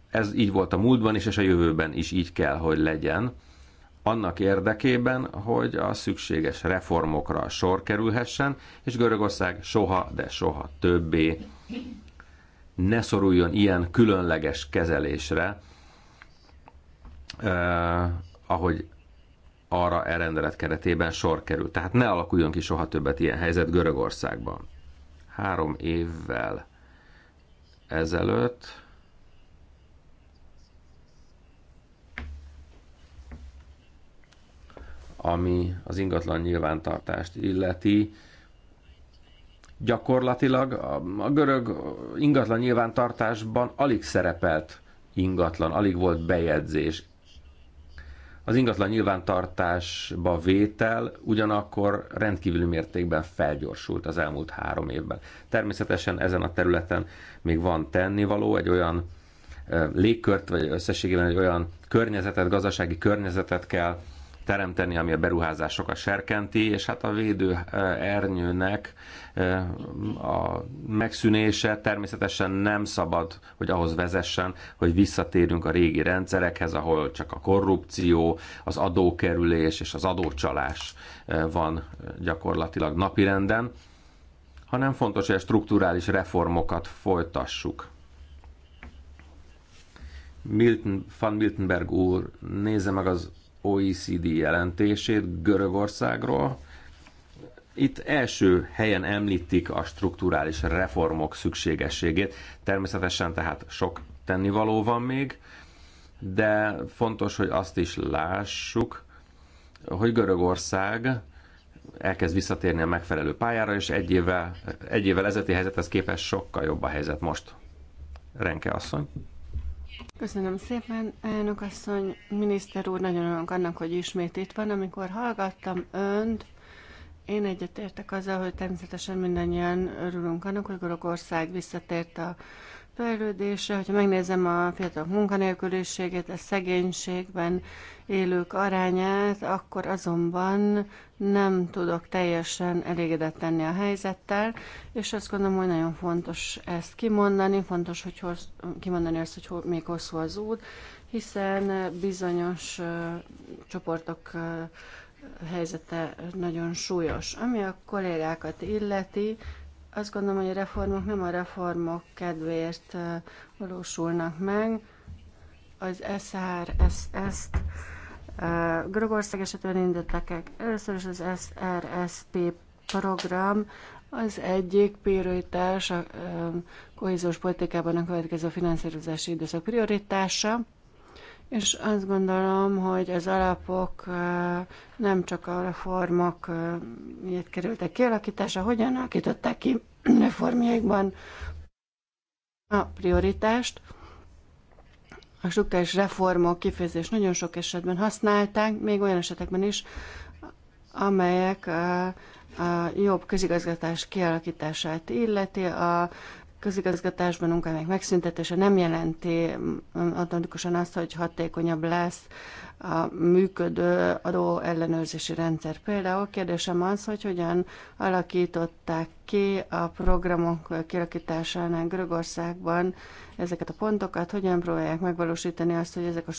Ez így volt a múltban is, és a jövőben is így kell, hogy legyen annak érdekében, hogy a szükséges reformokra sor kerülhessen, és Görögország soha, de soha többé ne szoruljon ilyen különleges kezelésre, eh, ahogy arra elrendelet keretében sor kerül. Tehát ne alakuljon ki soha többet ilyen helyzet Görögországban. Három évvel ezelőtt ami az ingatlan nyilvántartást illeti, gyakorlatilag a görög ingatlan nyilvántartásban alig szerepelt ingatlan, alig volt bejegyzés. Az ingatlan nyilvántartásba vétel ugyanakkor rendkívüli mértékben felgyorsult az elmúlt három évben. Természetesen ezen a területen még van tennivaló, egy olyan légkört, vagy összességében egy olyan környezetet, gazdasági környezetet kell teremteni, ami a beruházásokat serkenti, és hát a védő ernyőnek a megszűnése természetesen nem szabad, hogy ahhoz vezessen, hogy visszatérünk a régi rendszerekhez, ahol csak a korrupció, az adókerülés és az adócsalás van gyakorlatilag napirenden, hanem fontos, hogy a strukturális reformokat folytassuk. Milton, van Miltenberg úr nézze meg az OECD jelentését Görögországról. Itt első helyen említik a strukturális reformok szükségességét. Természetesen tehát sok tennivaló van még, de fontos, hogy azt is lássuk, hogy Görögország elkezd visszatérni a megfelelő pályára, és egy évvel, egy évvel ezeti helyzethez képest sokkal jobb a helyzet most. Renke asszony. Köszönöm szépen, elnök asszony, miniszter úr, nagyon örülök annak, hogy ismét itt van. Amikor hallgattam önt, én egyetértek azzal, hogy természetesen mindannyian örülünk annak, hogy Görögország visszatért a fejlődése, Hogyha megnézem a fiatalok munkanélküliségét, a szegénységben élők arányát, akkor azonban nem tudok teljesen elégedett tenni a helyzettel, és azt gondolom, hogy nagyon fontos ezt kimondani, fontos hogy hossz, kimondani azt, hogy még hosszú az út, hiszen bizonyos uh, csoportok uh, helyzete nagyon súlyos. Ami a kollégákat illeti, azt gondolom, hogy a reformok nem a reformok kedvéért valósulnak meg. Az SRSS-t Görögország esetben indították először is az SRSP program, az egyik prioritás a kohéziós politikában a következő finanszírozási időszak prioritása. És azt gondolom, hogy az alapok nem csak a reformok miért kerültek kialakítása, hogyan alakították ki reformjaikban a prioritást. A struktúrális reformok kifejezést nagyon sok esetben használták, még olyan esetekben is, amelyek a jobb közigazgatás kialakítását illeti, a közigazgatásban munkának megszüntetése nem jelenti mm, automatikusan azt, hogy hatékonyabb lesz a működő adó ellenőrzési rendszer. Például kérdésem az, hogy hogyan alakították ki a programok kialakításánál Görögországban ezeket a pontokat, hogyan próbálják megvalósítani azt, hogy ezek a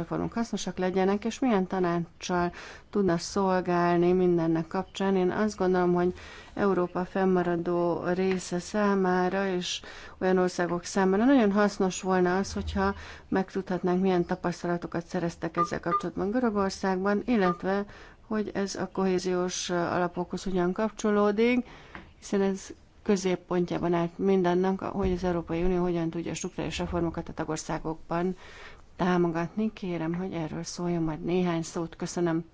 a falunk hasznosak legyenek, és milyen tanácssal tudna szolgálni mindennek kapcsán. Én azt gondolom, hogy Európa fennmaradó része számára és olyan országok számára. Nagyon hasznos volna az, hogyha megtudhatnánk, milyen tapasztalatokat szereztek ezzel kapcsolatban Görögországban, illetve hogy ez a kohéziós alapokhoz hogyan kapcsolódik, hiszen ez középpontjában állt mindennek, hogy az Európai Unió hogyan tudja a struktúrális reformokat a tagországokban támogatni. Kérem, hogy erről szóljon majd néhány szót. Köszönöm.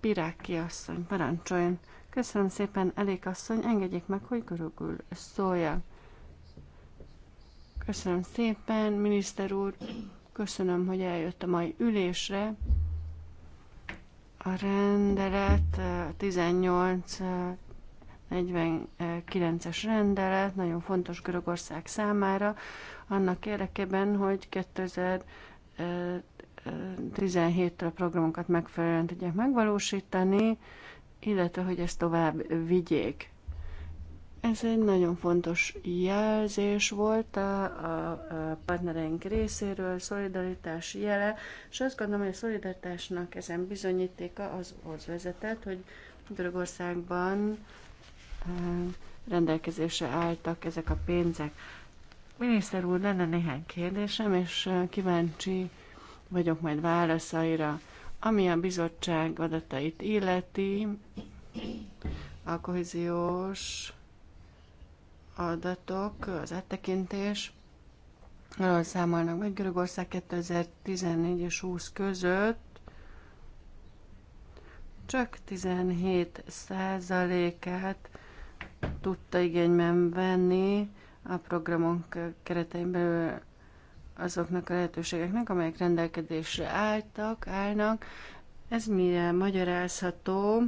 Piráki asszony, parancsoljon. Köszönöm szépen, Elék asszony, engedjék meg, hogy görögül szólja. Köszönöm szépen, miniszter úr, köszönöm, hogy eljött a mai ülésre. A rendelet 18 eh, 49-es eh, rendelet, nagyon fontos Görögország számára, annak érdekében, hogy 2017-től eh, a programokat megfelelően tudják megvalósítani, illetve hogy ezt tovább vigyék. Ez egy nagyon fontos jelzés volt a, a, a partnereink részéről, szolidaritás jele, és azt gondolom, hogy a szolidaritásnak ezen bizonyítéka azhoz vezetett, hogy Görögországban rendelkezésre álltak ezek a pénzek. Miniszter úr, lenne néhány kérdésem, és kíváncsi vagyok majd válaszaira. Ami a bizottság adatait illeti, a kohéziós adatok, az áttekintés, arról számolnak meg Görögország 2014 és 20 között csak 17 százalékát tudta igényben venni a programok keretein belül azoknak a lehetőségeknek, amelyek rendelkezésre álltak, állnak. Ez mire magyarázható?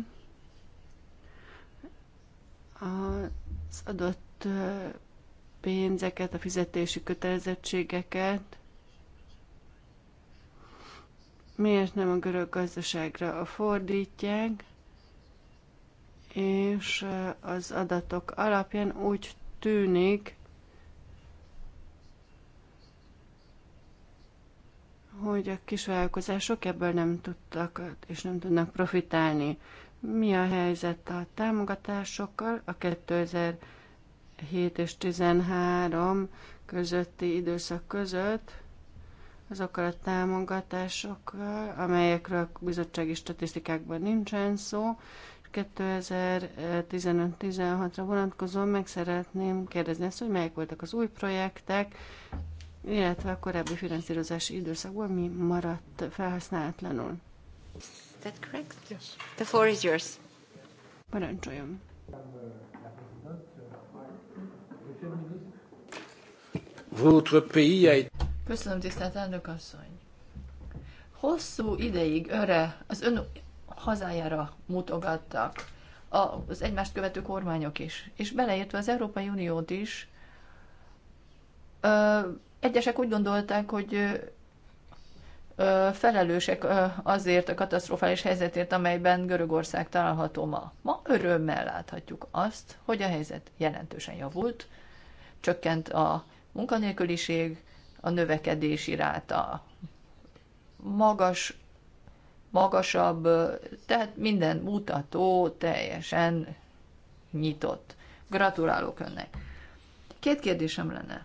Az adott pénzeket, a fizetési kötelezettségeket miért nem a görög gazdaságra a fordítják, és az adatok alapján úgy tűnik, hogy a kisvállalkozások ebből nem tudtak és nem tudnak profitálni. Mi a helyzet a támogatásokkal? A 2007 és 13 közötti időszak között azokkal a támogatásokkal, amelyekről a bizottsági statisztikákban nincsen szó, 2015-16-ra vonatkozóan meg szeretném kérdezni ezt, hogy melyek voltak az új projektek, illetve a korábbi finanszírozási időszakból mi maradt felhasználatlanul. that correct? Yes. The floor is yours. Parancsoljon. Votre pays Köszönöm, tisztelt elnök asszony. Hosszú ideig öre az ön hazájára mutogattak az egymást követő kormányok is, és beleértve az Európai Uniót is, Egyesek úgy gondolták, hogy felelősek azért a katasztrofális helyzetért, amelyben Görögország található ma. Ma örömmel láthatjuk azt, hogy a helyzet jelentősen javult, csökkent a munkanélküliség, a növekedési ráta magas, magasabb, tehát minden mutató teljesen nyitott. Gratulálok önnek! Két kérdésem lenne.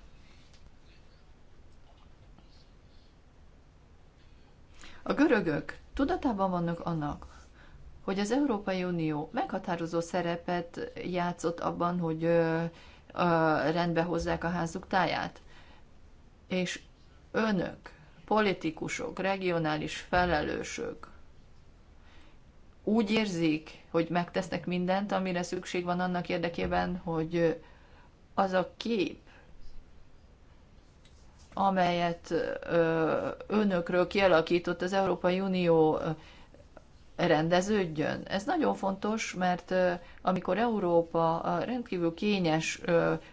A görögök tudatában vannak annak, hogy az Európai Unió meghatározó szerepet játszott abban, hogy ö, ö, rendbe hozzák a házuk táját. És önök, politikusok, regionális felelősök úgy érzik, hogy megtesznek mindent, amire szükség van annak érdekében, hogy az a kép, amelyet önökről kialakított az Európai Unió rendeződjön. Ez nagyon fontos, mert amikor Európa a rendkívül kényes,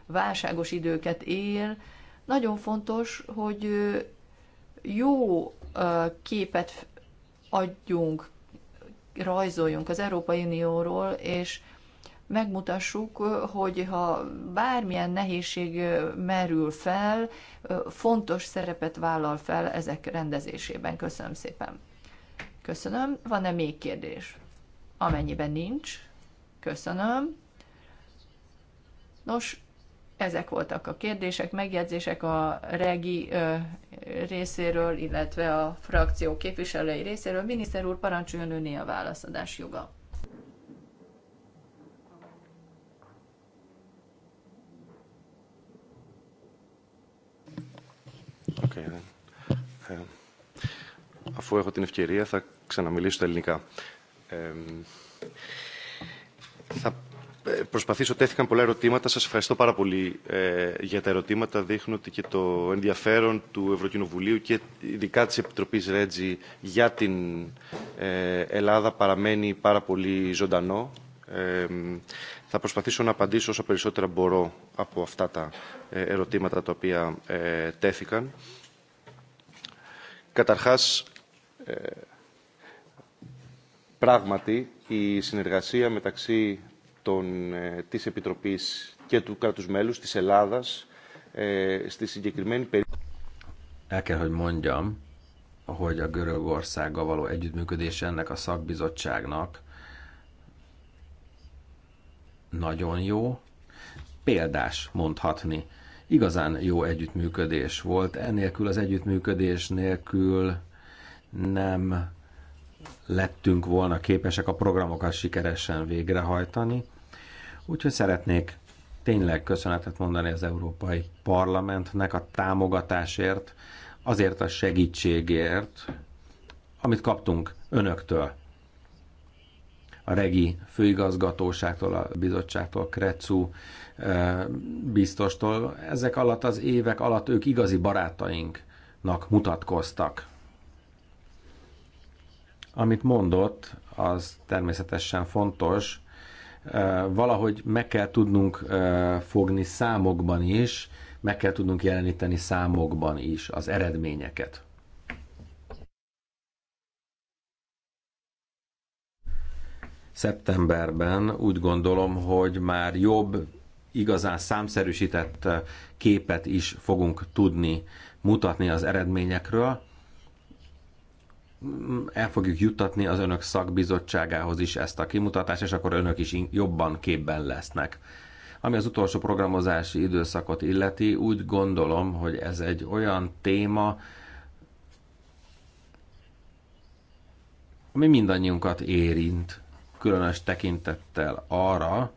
válságos időket él, nagyon fontos, hogy jó képet adjunk, rajzoljunk az Európai Unióról, és megmutassuk, hogy ha bármilyen nehézség merül fel, fontos szerepet vállal fel ezek rendezésében. Köszönöm szépen. Köszönöm. Van-e még kérdés? Amennyiben nincs, köszönöm. Nos, ezek voltak a kérdések, megjegyzések a regi ö, részéről, illetve a frakció képviselői részéről. Miniszter úr, parancsoljon önné a válaszadás joga. Okay, ε, αφού έχω την ευκαιρία θα ξαναμιλήσω τα ελληνικά. Ε, θα προσπαθήσω, τέθηκαν πολλά ερωτήματα. Σας ευχαριστώ πάρα πολύ ε, για τα ερωτήματα. Δείχνω ότι και το ενδιαφέρον του Ευρωκοινοβουλίου και ειδικά της Επιτροπής Ρέτζη για την ε, Ελλάδα παραμένει πάρα πολύ ζωντανό. Ε, Θα προσπαθήσω να απαντήσω όσο περισσότερα μπορώ από αυτά τα ερωτήματα τα οποία ε, τέθηκαν. Καταρχάς, ε, πράγματι, η συνεργασία μεταξύ των, ε, της Επιτροπής και του κράτους μέλους της Ελλάδας ε, στη συγκεκριμένη περίπτωση. El kell, hogy mondjam, hogy a Görögországgal való együttműködés ennek a szakbizottságnak nagyon jó, példás mondhatni. Igazán jó együttműködés volt, ennélkül az együttműködés nélkül nem lettünk volna képesek a programokat sikeresen végrehajtani. Úgyhogy szeretnék tényleg köszönetet mondani az Európai Parlamentnek a támogatásért, azért a segítségért, amit kaptunk önöktől a regi főigazgatóságtól, a bizottságtól, Kretszú eh, biztostól. Ezek alatt az évek alatt ők igazi barátainknak mutatkoztak. Amit mondott, az természetesen fontos, eh, valahogy meg kell tudnunk eh, fogni számokban is, meg kell tudnunk jeleníteni számokban is az eredményeket. szeptemberben úgy gondolom, hogy már jobb, igazán számszerűsített képet is fogunk tudni mutatni az eredményekről. El fogjuk juttatni az önök szakbizottságához is ezt a kimutatást, és akkor önök is jobban képben lesznek. Ami az utolsó programozási időszakot illeti, úgy gondolom, hogy ez egy olyan téma, ami mindannyiunkat érint különös tekintettel arra,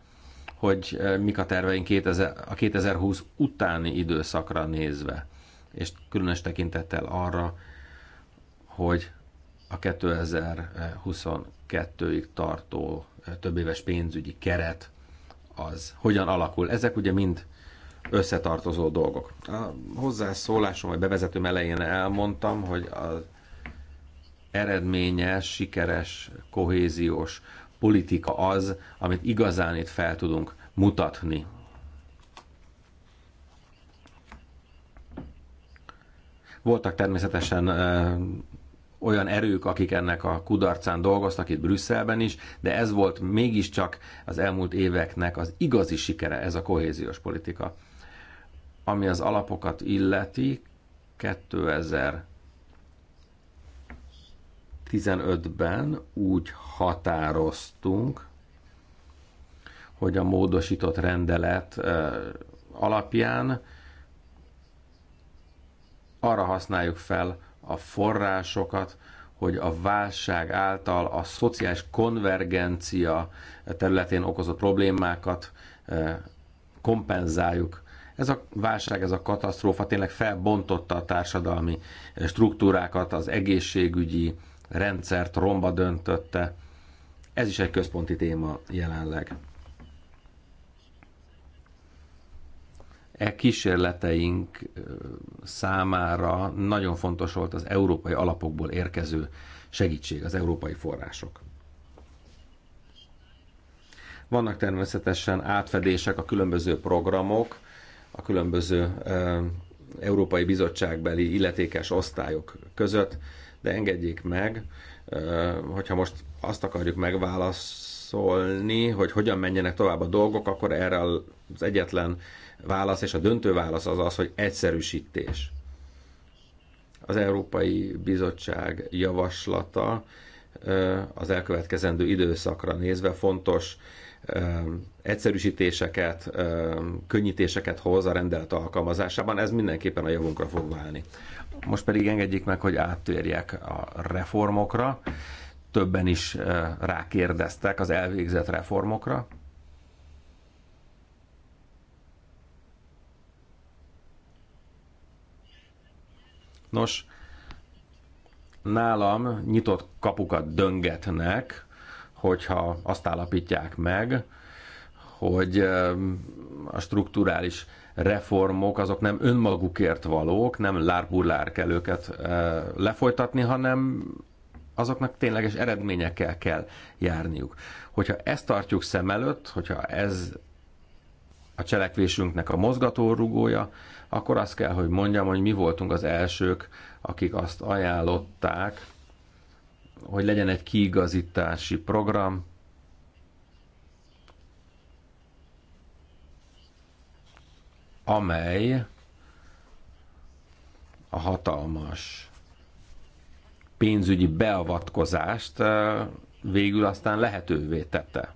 hogy eh, mik a terveink 2000, a 2020 utáni időszakra nézve, és különös tekintettel arra, hogy a 2022-ig tartó eh, többéves pénzügyi keret az hogyan alakul. Ezek ugye mind összetartozó dolgok. A hozzászólásom vagy bevezetőm elején elmondtam, hogy az eredményes, sikeres, kohéziós politika az, amit igazán itt fel tudunk mutatni. Voltak természetesen olyan erők, akik ennek a kudarcán dolgoztak itt Brüsszelben is, de ez volt mégiscsak az elmúlt éveknek az igazi sikere, ez a kohéziós politika. Ami az alapokat illeti, 2000 15-ben úgy határoztunk, hogy a módosított rendelet alapján arra használjuk fel a forrásokat, hogy a válság által a szociális konvergencia területén okozott problémákat kompenzáljuk. Ez a válság, ez a katasztrófa tényleg felbontotta a társadalmi struktúrákat, az egészségügyi rendszert romba döntötte. Ez is egy központi téma jelenleg. E kísérleteink számára nagyon fontos volt az európai alapokból érkező segítség, az európai források. Vannak természetesen átfedések a különböző programok, a különböző Európai Bizottságbeli illetékes osztályok között de engedjék meg, hogyha most azt akarjuk megválaszolni, hogy hogyan menjenek tovább a dolgok, akkor erre az egyetlen válasz és a döntő válasz az az, hogy egyszerűsítés. Az Európai Bizottság javaslata az elkövetkezendő időszakra nézve fontos egyszerűsítéseket, könnyítéseket hoz a rendelet alkalmazásában, ez mindenképpen a javunkra fog válni. Most pedig engedjék meg, hogy áttérjek a reformokra. Többen is eh, rákérdeztek az elvégzett reformokra. Nos, nálam nyitott kapukat döngetnek, hogyha azt állapítják meg, hogy eh, a strukturális reformok azok nem önmagukért valók, nem lárburlár kell őket lefolytatni, hanem azoknak tényleges eredményekkel kell járniuk. Hogyha ezt tartjuk szem előtt, hogyha ez a cselekvésünknek a mozgatórugója, akkor azt kell, hogy mondjam, hogy mi voltunk az elsők, akik azt ajánlották, hogy legyen egy kiigazítási program, amely a hatalmas pénzügyi beavatkozást végül aztán lehetővé tette.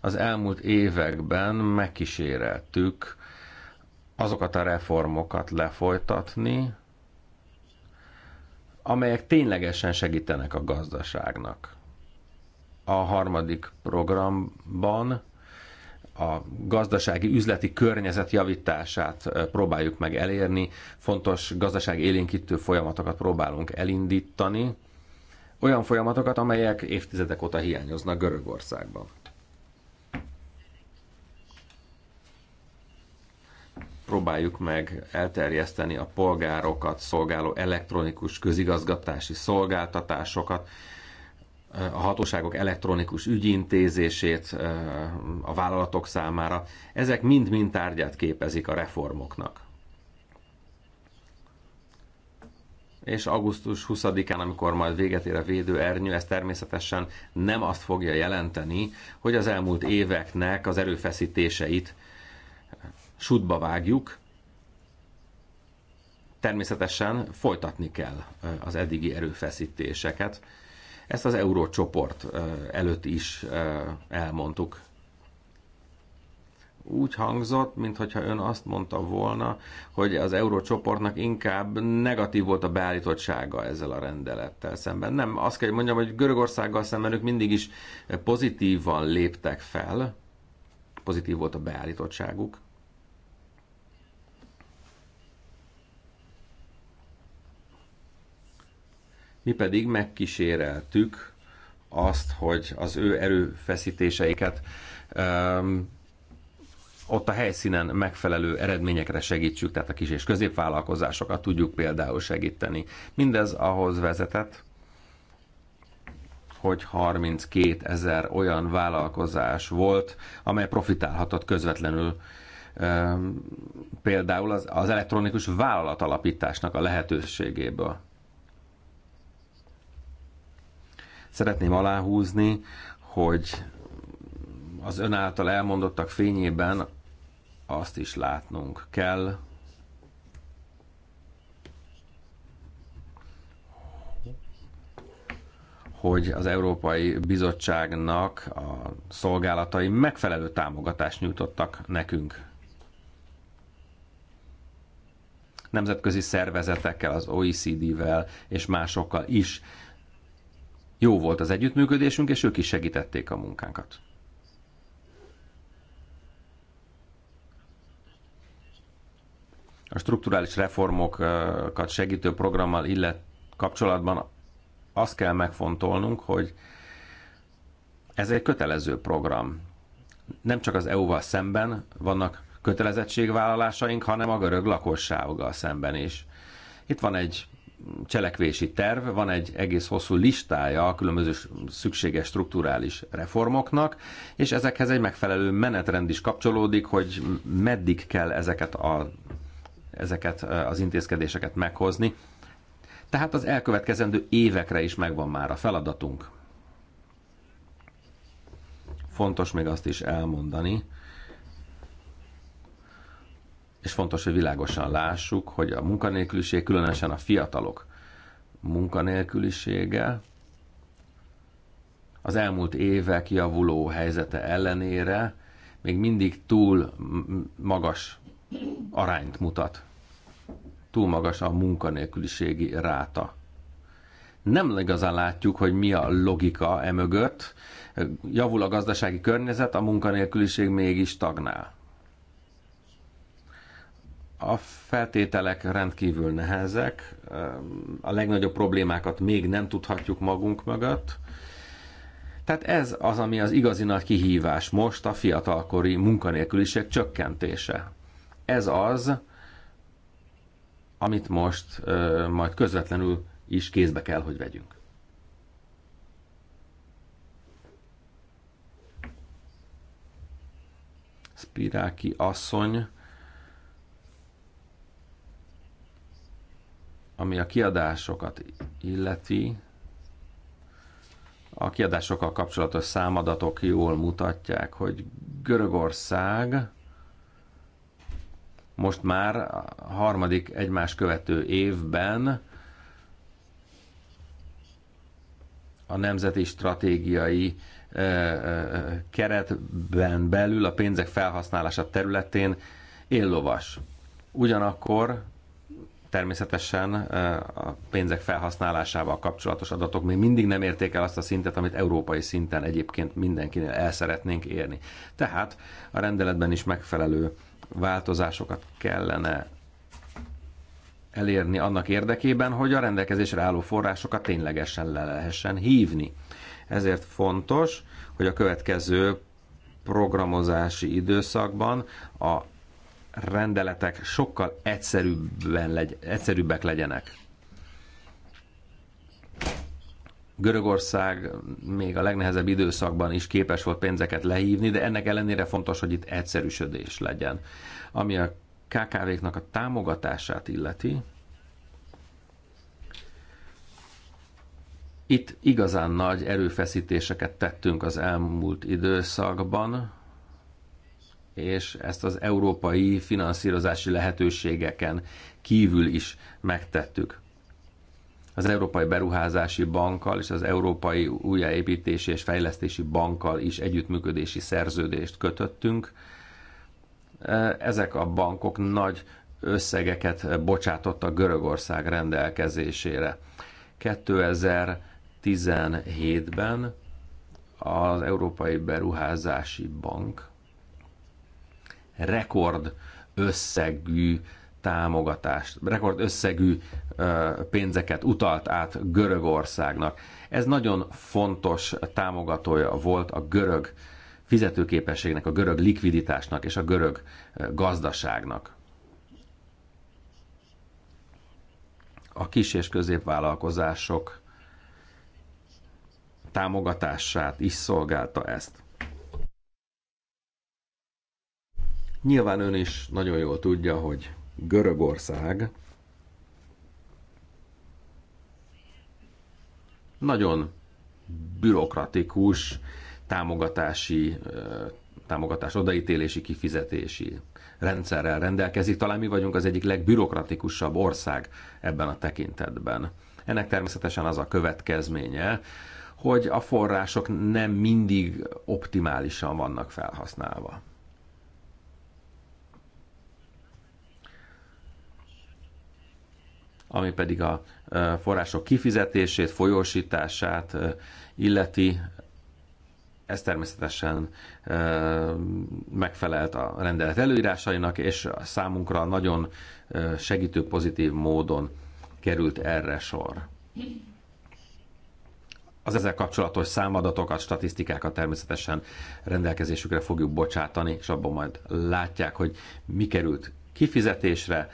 Az elmúlt években megkíséreltük azokat a reformokat lefolytatni, amelyek ténylegesen segítenek a gazdaságnak. A harmadik programban a gazdasági, üzleti környezet javítását próbáljuk meg elérni, fontos gazdaság élénkítő folyamatokat próbálunk elindítani, olyan folyamatokat, amelyek évtizedek óta hiányoznak Görögországban. Próbáljuk meg elterjeszteni a polgárokat szolgáló elektronikus közigazgatási szolgáltatásokat, a hatóságok elektronikus ügyintézését a vállalatok számára. Ezek mind-mind tárgyát képezik a reformoknak. És augusztus 20-án, amikor majd véget ér a védőernyő, ez természetesen nem azt fogja jelenteni, hogy az elmúlt éveknek az erőfeszítéseit sútba vágjuk, természetesen folytatni kell az eddigi erőfeszítéseket, ezt az eurócsoport előtt is elmondtuk. Úgy hangzott, mintha ön azt mondta volna, hogy az eurócsoportnak inkább negatív volt a beállítottsága ezzel a rendelettel szemben. Nem, azt kell, hogy mondjam, hogy Görögországgal szemben ők mindig is pozitívan léptek fel, pozitív volt a beállítottságuk, Mi pedig megkíséreltük azt, hogy az ő erőfeszítéseiket um, ott a helyszínen megfelelő eredményekre segítsük, tehát a kis és középvállalkozásokat tudjuk például segíteni. Mindez ahhoz vezetett, hogy 32 ezer olyan vállalkozás volt, amely profitálhatott közvetlenül um, például az, az elektronikus vállalatalapításnak a lehetőségéből. Szeretném aláhúzni, hogy az ön által elmondottak fényében azt is látnunk kell, hogy az Európai Bizottságnak a szolgálatai megfelelő támogatást nyújtottak nekünk. Nemzetközi szervezetekkel, az OECD-vel és másokkal is jó volt az együttműködésünk, és ők is segítették a munkánkat. A strukturális reformokat segítő programmal illet kapcsolatban azt kell megfontolnunk, hogy ez egy kötelező program. Nem csak az EU-val szemben vannak kötelezettségvállalásaink, hanem a görög lakossággal szemben is. Itt van egy cselekvési terv, van egy egész hosszú listája a különböző szükséges strukturális reformoknak, és ezekhez egy megfelelő menetrend is kapcsolódik, hogy meddig kell ezeket, a, ezeket az intézkedéseket meghozni. Tehát az elkövetkezendő évekre is megvan már a feladatunk. Fontos még azt is elmondani, és fontos, hogy világosan lássuk, hogy a munkanélküliség, különösen a fiatalok munkanélkülisége az elmúlt évek javuló helyzete ellenére még mindig túl magas arányt mutat. Túl magas a munkanélküliségi ráta. Nem igazán látjuk, hogy mi a logika emögött. Javul a gazdasági környezet, a munkanélküliség mégis tagnál. A feltételek rendkívül nehezek, a legnagyobb problémákat még nem tudhatjuk magunk mögött. Tehát ez az, ami az igazi nagy kihívás most a fiatalkori munkanélküliség csökkentése. Ez az, amit most majd közvetlenül is kézbe kell, hogy vegyünk. Spiráki asszony ami a kiadásokat illeti, a kiadásokkal kapcsolatos számadatok jól mutatják, hogy Görögország most már a harmadik egymás követő évben a nemzeti stratégiai keretben belül a pénzek felhasználása területén éllovas. Ugyanakkor Természetesen a pénzek felhasználásával kapcsolatos adatok még mindig nem érték el azt a szintet, amit európai szinten egyébként mindenkinél el szeretnénk érni. Tehát a rendeletben is megfelelő változásokat kellene elérni annak érdekében, hogy a rendelkezésre álló forrásokat ténylegesen le lehessen hívni. Ezért fontos, hogy a következő programozási időszakban a rendeletek sokkal egyszerűbben legy, egyszerűbbek legyenek. Görögország még a legnehezebb időszakban is képes volt pénzeket lehívni, de ennek ellenére fontos, hogy itt egyszerűsödés legyen. Ami a KKV-knak a támogatását illeti, itt igazán nagy erőfeszítéseket tettünk az elmúlt időszakban, és ezt az európai finanszírozási lehetőségeken kívül is megtettük. Az Európai Beruházási Bankkal és az Európai Újjáépítési és Fejlesztési Bankkal is együttműködési szerződést kötöttünk. E, ezek a bankok nagy összegeket bocsátottak Görögország rendelkezésére. 2017-ben az Európai Beruházási Bank rekord összegű támogatást, rekord összegű pénzeket utalt át Görögországnak. Ez nagyon fontos támogatója volt a görög fizetőképességnek, a görög likviditásnak és a görög gazdaságnak. A kis és középvállalkozások támogatását is szolgálta ezt. Nyilván ön is nagyon jól tudja, hogy Görögország nagyon bürokratikus támogatási, támogatás odaítélési, kifizetési rendszerrel rendelkezik. Talán mi vagyunk az egyik legbürokratikusabb ország ebben a tekintetben. Ennek természetesen az a következménye, hogy a források nem mindig optimálisan vannak felhasználva. ami pedig a források kifizetését, folyósítását illeti, ez természetesen megfelelt a rendelet előírásainak, és számunkra nagyon segítő pozitív módon került erre sor. Az ezzel kapcsolatos számadatokat, statisztikákat természetesen rendelkezésükre fogjuk bocsátani, és abban majd látják, hogy mi került kifizetésre,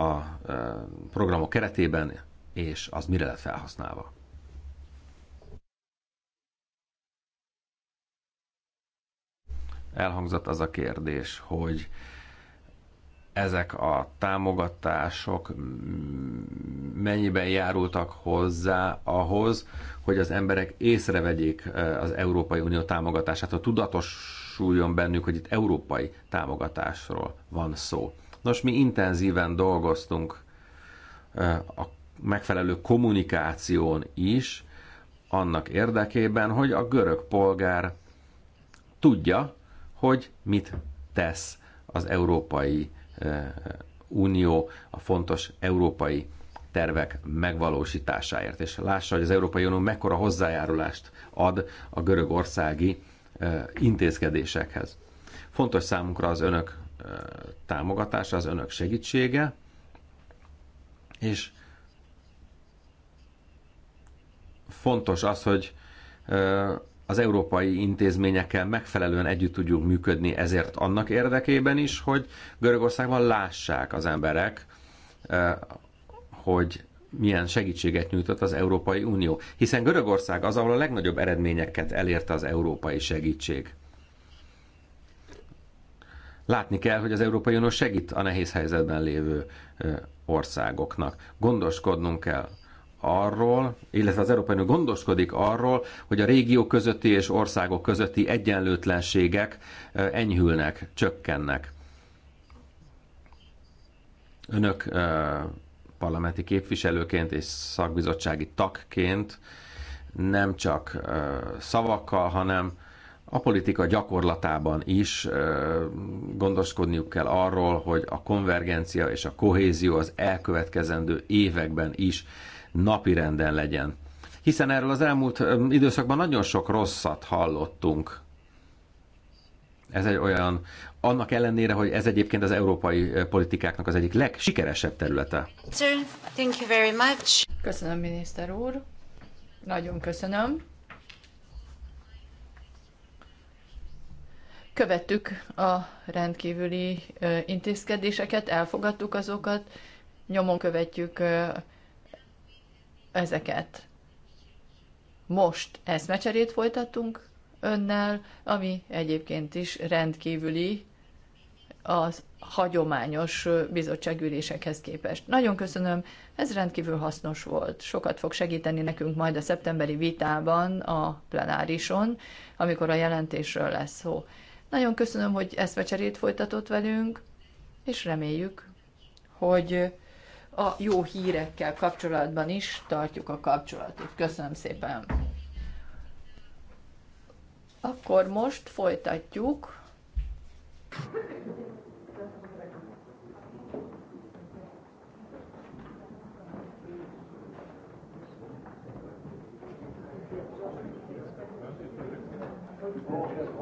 a e, programok keretében, és az mire lett felhasználva. Elhangzott az a kérdés, hogy ezek a támogatások mennyiben járultak hozzá ahhoz, hogy az emberek észrevegyék e, az Európai Unió támogatását, hogy tudatosuljon bennük, hogy itt európai támogatásról van szó. Nos, mi intenzíven dolgoztunk a megfelelő kommunikáción is, annak érdekében, hogy a görög polgár tudja, hogy mit tesz az Európai Unió a fontos európai tervek megvalósításáért, és lássa, hogy az Európai Unió mekkora hozzájárulást ad a görögországi intézkedésekhez. Fontos számunkra az önök támogatása, az önök segítsége, és fontos az, hogy az európai intézményekkel megfelelően együtt tudjuk működni, ezért annak érdekében is, hogy Görögországban lássák az emberek, hogy milyen segítséget nyújtott az Európai Unió. Hiszen Görögország az, ahol a legnagyobb eredményeket elérte az európai segítség. Látni kell, hogy az Európai Unió segít a nehéz helyzetben lévő országoknak. Gondoskodnunk kell arról, illetve az Európai Unió gondoskodik arról, hogy a régió közötti és országok közötti egyenlőtlenségek enyhülnek, csökkennek. Önök parlamenti képviselőként és szakbizottsági tagként nem csak szavakkal, hanem a politika gyakorlatában is gondoskodniuk kell arról, hogy a konvergencia és a kohézió az elkövetkezendő években is napirenden legyen. Hiszen erről az elmúlt időszakban nagyon sok rosszat hallottunk. Ez egy olyan, annak ellenére, hogy ez egyébként az európai politikáknak az egyik legsikeresebb területe. Thank you very much. Köszönöm, miniszter úr. Nagyon köszönöm. Követtük a rendkívüli intézkedéseket, elfogadtuk azokat, nyomon követjük ezeket. Most eszmecserét folytatunk önnel, ami egyébként is rendkívüli az hagyományos bizottságülésekhez képest. Nagyon köszönöm, ez rendkívül hasznos volt. Sokat fog segíteni nekünk majd a szeptemberi vitában, a plenárison, amikor a jelentésről lesz szó. Nagyon köszönöm, hogy ezt eszmecserét folytatott velünk, és reméljük, hogy a jó hírekkel kapcsolatban is tartjuk a kapcsolatot. Köszönöm szépen! Akkor most folytatjuk. Thank you.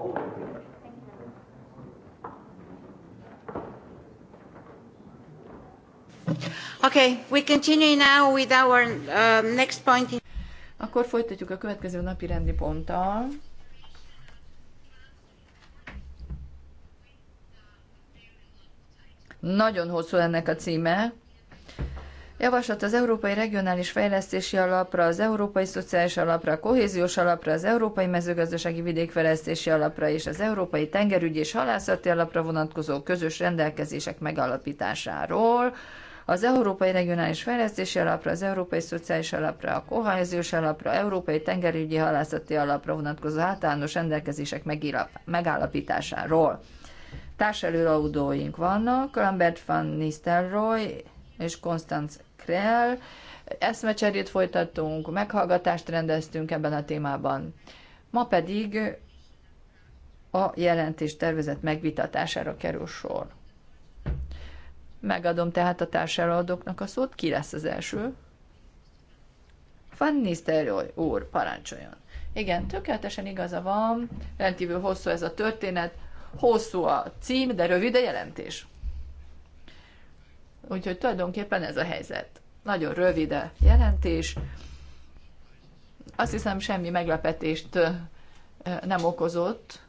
Okay, we continue now with our um, next point. In... Akkor folytatjuk a következő napi rendi ponttal. Nagyon hosszú ennek a címe. Javaslat az Európai Regionális Fejlesztési Alapra, az Európai Szociális Alapra, a Kohéziós Alapra, az Európai Mezőgazdasági Vidékfejlesztési Alapra és az Európai Tengerügyi és Halászati Alapra vonatkozó közös rendelkezések megalapításáról az Európai Regionális Fejlesztési Alapra, az Európai Szociális Alapra, a Kohéziós Alapra, Európai Tengerügyi Halászati Alapra vonatkozó általános rendelkezések megállapításáról. Társelőraudóink vannak, Lambert van Nistelrooy és Konstanz Krell. Eszmecserét folytattunk, meghallgatást rendeztünk ebben a témában. Ma pedig a jelentés tervezet megvitatására kerül sor. Megadom tehát a társadalmadóknak a szót. Ki lesz az első? Van Nisztelrooy úr, parancsoljon. Igen, tökéletesen igaza van, rendkívül hosszú ez a történet, hosszú a cím, de rövid a jelentés. Úgyhogy tulajdonképpen ez a helyzet. Nagyon rövid a jelentés. Azt hiszem, semmi meglepetést nem okozott,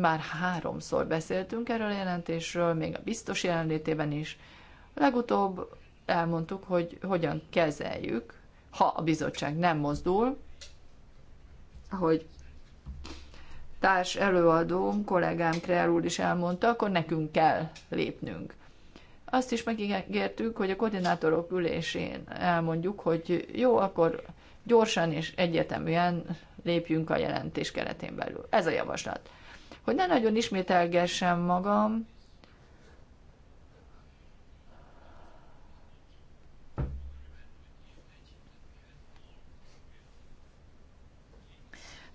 már háromszor beszéltünk erről a jelentésről, még a biztos jelenlétében is. Legutóbb elmondtuk, hogy hogyan kezeljük, ha a bizottság nem mozdul, ahogy társ előadóm, kollégám Kreál úr is elmondta, akkor nekünk kell lépnünk. Azt is megígértük, hogy a koordinátorok ülésén elmondjuk, hogy jó, akkor gyorsan és egyeteműen lépjünk a jelentés keretén belül. Ez a javaslat hogy ne nagyon ismételgessem magam,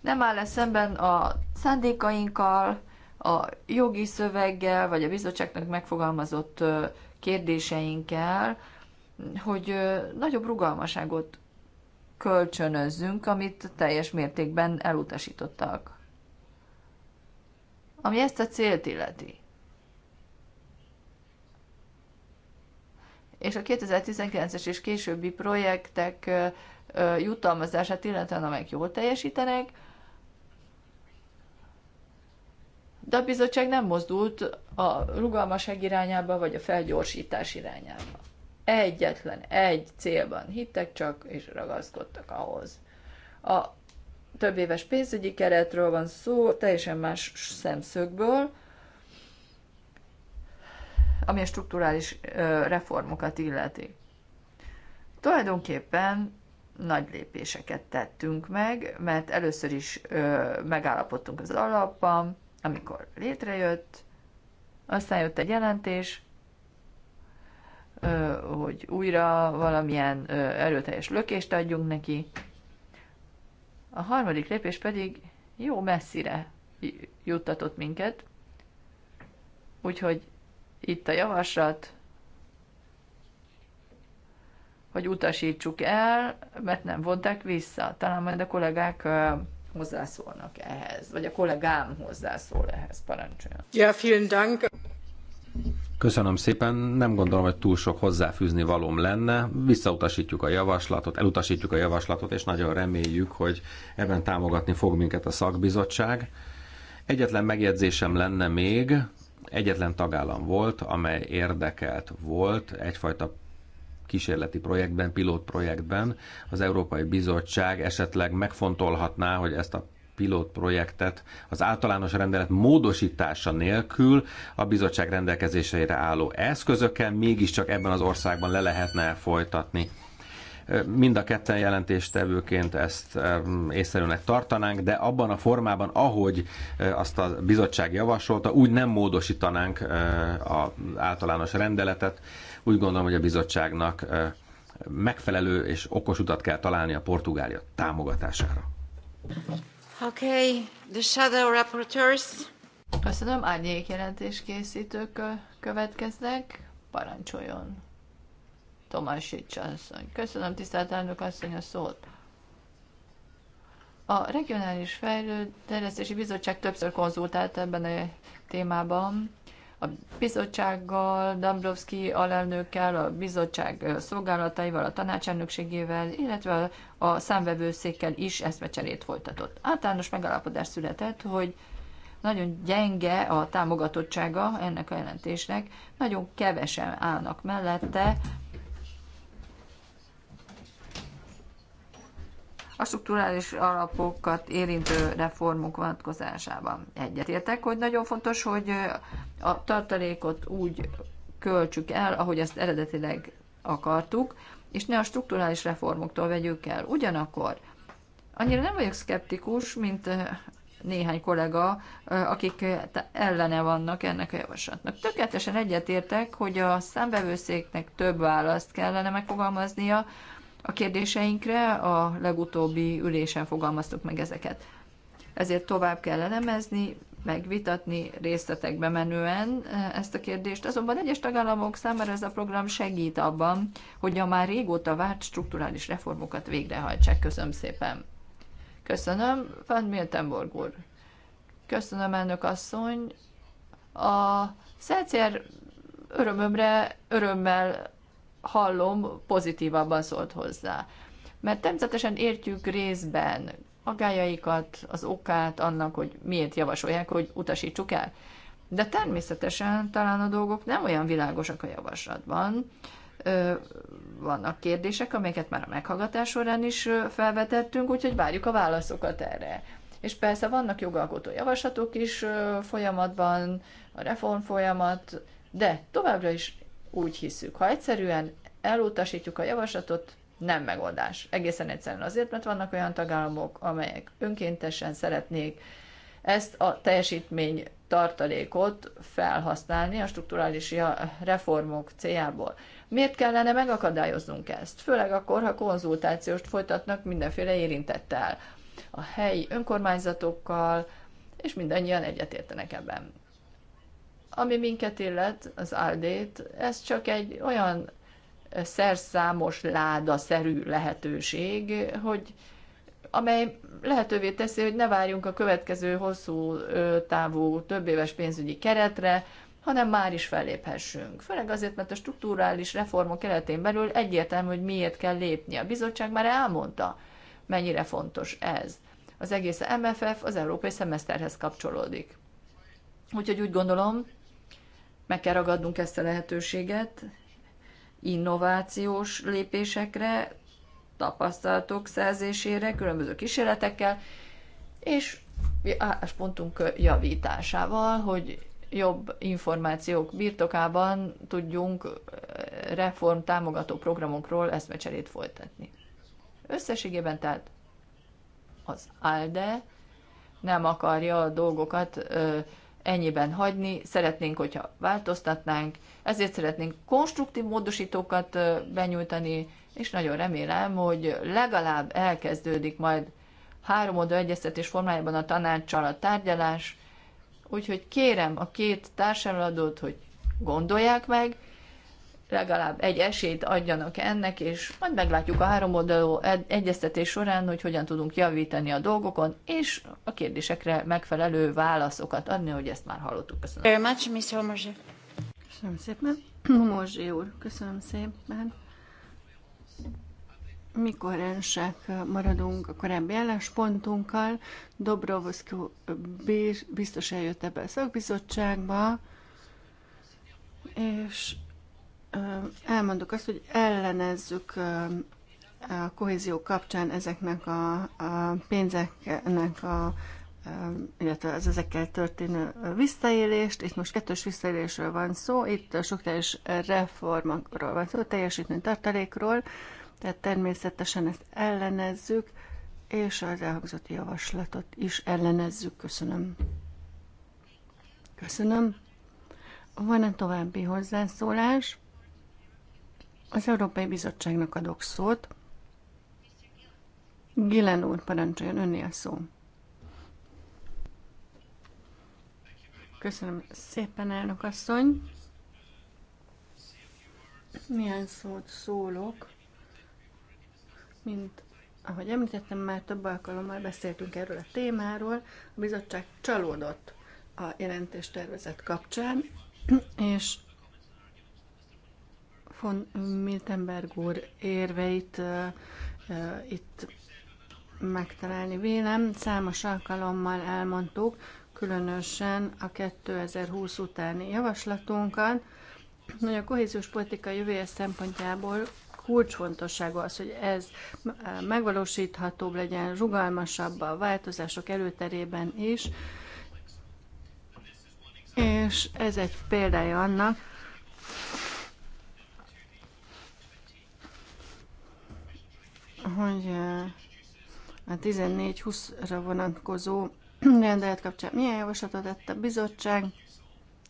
nem áll -e szemben a szándékainkkal, a jogi szöveggel, vagy a bizottságnak megfogalmazott kérdéseinkkel, hogy nagyobb rugalmaságot kölcsönözzünk, amit teljes mértékben elutasítottak ami ezt a célt illeti. És a 2019-es és későbbi projektek jutalmazását illetően, amelyek jól teljesítenek, de a bizottság nem mozdult a rugalmaság irányába, vagy a felgyorsítás irányába. Egyetlen egy célban hittek csak, és ragaszkodtak ahhoz. A több éves pénzügyi keretről van szó, teljesen más szemszögből, ami a strukturális reformokat illeti. Tulajdonképpen nagy lépéseket tettünk meg, mert először is megállapodtunk az alapban, amikor létrejött, aztán jött egy jelentés, hogy újra valamilyen erőteljes lökést adjunk neki, a harmadik lépés pedig jó messzire juttatott minket, úgyhogy itt a javaslat, hogy utasítsuk el, mert nem vonták vissza. Talán majd a kollégák hozzászólnak ehhez, vagy a kollégám hozzászól ehhez, parancsoljon. Ja, vielen Dank. Köszönöm szépen, nem gondolom, hogy túl sok hozzáfűzni valóm lenne. Visszautasítjuk a javaslatot, elutasítjuk a javaslatot, és nagyon reméljük, hogy ebben támogatni fog minket a szakbizottság. Egyetlen megjegyzésem lenne még, egyetlen tagállam volt, amely érdekelt volt egyfajta kísérleti projektben, pilót projektben az Európai Bizottság esetleg megfontolhatná, hogy ezt a projektet az általános rendelet módosítása nélkül a bizottság rendelkezésére álló eszközökkel mégiscsak ebben az országban le lehetne folytatni. Mind a ketten jelentéstevőként ezt észszerűnek tartanánk, de abban a formában, ahogy azt a bizottság javasolta, úgy nem módosítanánk az általános rendeletet. Úgy gondolom, hogy a bizottságnak megfelelő és okos utat kell találni a Portugália támogatására. Okay, the shadow rapporteurs. Köszönöm, árnyék jelentés készítők következnek. Parancsoljon. Tomás asszony. Köszönöm, tisztelt elnök asszony, a szót. A Regionális Fejlődési Bizottság többször konzultált ebben a témában, a bizottsággal, Dombrovski alelnökkel, a bizottság szolgálataival, a tanácselnökségével, illetve a számvevőszékkel is eszmecserét folytatott. Általános megállapodás született, hogy nagyon gyenge a támogatottsága ennek a jelentésnek, nagyon kevesen állnak mellette, a strukturális alapokat érintő reformok vonatkozásában. Egyetértek, hogy nagyon fontos, hogy a tartalékot úgy költsük el, ahogy ezt eredetileg akartuk, és ne a strukturális reformoktól vegyük el. Ugyanakkor annyira nem vagyok szkeptikus, mint néhány kollega, akik ellene vannak ennek a javaslatnak. Tökéletesen egyetértek, hogy a számbevőszéknek több választ kellene megfogalmaznia, a kérdéseinkre, a legutóbbi ülésen fogalmaztuk meg ezeket. Ezért tovább kell elemezni, megvitatni részletekbe menően e, ezt a kérdést. Azonban egyes tagállamok számára ez a program segít abban, hogy a már régóta várt strukturális reformokat végrehajtsák. Köszönöm szépen. Köszönöm, Van Miltenborg úr. Köszönöm, elnök asszony. A Szelcér örömömre, örömmel hallom, pozitívabban szólt hozzá. Mert természetesen értjük részben agályaikat, az okát annak, hogy miért javasolják, hogy utasítsuk el. De természetesen talán a dolgok nem olyan világosak a javaslatban. Vannak kérdések, amelyeket már a meghallgatás során is felvetettünk, úgyhogy várjuk a válaszokat erre. És persze vannak jogalkotó javaslatok is folyamatban, a reform folyamat, de továbbra is úgy hiszük. Ha egyszerűen elutasítjuk a javaslatot, nem megoldás. Egészen egyszerűen azért, mert vannak olyan tagállamok, amelyek önkéntesen szeretnék ezt a teljesítmény tartalékot felhasználni a strukturális reformok céljából. Miért kellene megakadályoznunk ezt? Főleg akkor, ha konzultációt folytatnak mindenféle érintettel, a helyi önkormányzatokkal, és mindannyian egyetértenek ebben. Ami minket illet, az Aldét, ez csak egy olyan szerszámos láda-szerű lehetőség, hogy amely lehetővé teszi, hogy ne várjunk a következő hosszú távú több éves pénzügyi keretre, hanem már is felléphessünk. Főleg azért, mert a strukturális reformok keretén belül egyértelmű, hogy miért kell lépni. A bizottság már elmondta, mennyire fontos ez. Az egész MFF az európai szemeszterhez kapcsolódik. Úgyhogy úgy gondolom, meg kell ragadnunk ezt a lehetőséget innovációs lépésekre, tapasztalatok szerzésére, különböző kísérletekkel, és álláspontunk javításával, hogy jobb információk birtokában tudjunk reform támogató programokról eszmecserét folytatni. Összességében tehát az ALDE nem akarja a dolgokat ennyiben hagyni, szeretnénk, hogyha változtatnánk, ezért szeretnénk konstruktív módosítókat benyújtani, és nagyon remélem, hogy legalább elkezdődik majd három oda egyeztetés formájában a tanácssal a tárgyalás, úgyhogy kérem a két társadalmadót, hogy gondolják meg, legalább egy esélyt adjanak ennek, és majd meglátjuk a három oldalú egyeztetés során, hogy hogyan tudunk javítani a dolgokon, és a kérdésekre megfelelő válaszokat adni, hogy ezt már hallottuk. Köszönöm. Very much, Miss Köszönöm szépen. Homorzsi úr, köszönöm szépen. Mikor erősek maradunk a korábbi álláspontunkkal, Dobrovoszkó biztos eljött ebbe a szakbizottságba, és elmondok azt, hogy ellenezzük a kohézió kapcsán ezeknek a, a pénzeknek a illetve az ezekkel történő visszaélést. Itt most kettős visszaélésről van szó, itt sok teljes reformokról van szó, teljesítmény tartalékról, tehát természetesen ezt ellenezzük, és az elhangzott javaslatot is ellenezzük. Köszönöm. Köszönöm. Van-e további hozzászólás? Az Európai Bizottságnak adok szót. Gillen úr, parancsoljon, önné a szó. Köszönöm szépen, elnök asszony. Milyen szót szólok? Mint ahogy említettem, már több alkalommal beszéltünk erről a témáról. A bizottság csalódott a jelentéstervezet kapcsán, és von Miltenberg úr érveit itt megtalálni vélem. Számos alkalommal elmondtuk, különösen a 2020 utáni javaslatunkat, hogy a kohéziós politika jövője szempontjából kulcsfontosságú az, hogy ez megvalósíthatóbb legyen, rugalmasabb a változások előterében is, és ez egy példája annak, hogy a 14-20-ra vonatkozó rendelet kapcsán milyen javaslatot tett a bizottság,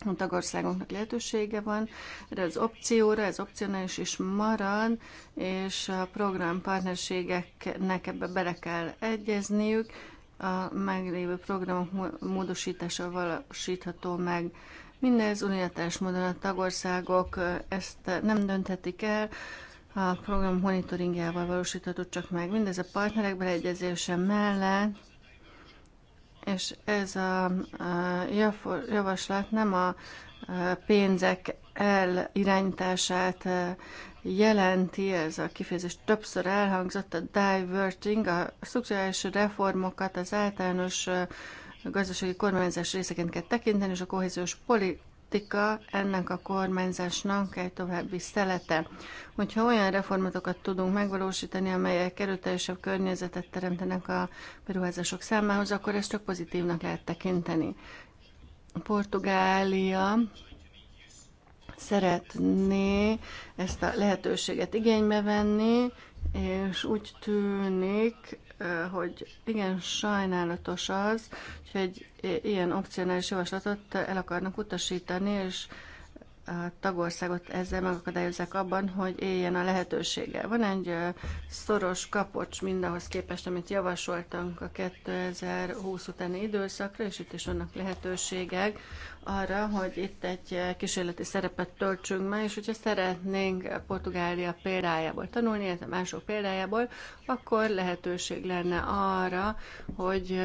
a tagországoknak lehetősége van, de az opcióra, ez opcionális is marad, és a partnerségeknek ebbe bele kell egyezniük, a meglévő programok módosítása valósítható meg. Mindez unilatás módon a tagországok ezt nem dönthetik el, a program monitoringjával valósítatott csak meg. Mindez a partnerek beleegyezése mellett, és ez a, a javaslat nem a pénzek elirányítását jelenti, ez a kifejezés többször elhangzott, a diverting, a szükséges reformokat az általános gazdasági kormányzás részeként kell tekinteni, és a kohéziós praktika ennek a kormányzásnak egy további szelete. Hogyha olyan reformatokat tudunk megvalósítani, amelyek erőteljesebb környezetet teremtenek a beruházások számához, akkor ezt csak pozitívnak lehet tekinteni. Portugália szeretné ezt a lehetőséget igénybe venni, és úgy tűnik, hogy igen, sajnálatos az, hogy egy ilyen opcionális javaslatot el akarnak utasítani, és a tagországot ezzel megakadályozzák abban, hogy éljen a lehetősége. Van egy szoros kapocs mindahhoz képest, amit javasoltunk a 2020 utáni időszakra, és itt is vannak lehetőségek arra, hogy itt egy kísérleti szerepet töltsünk meg, és hogyha szeretnénk Portugália példájából tanulni, illetve mások példájából, akkor lehetőség lenne arra, hogy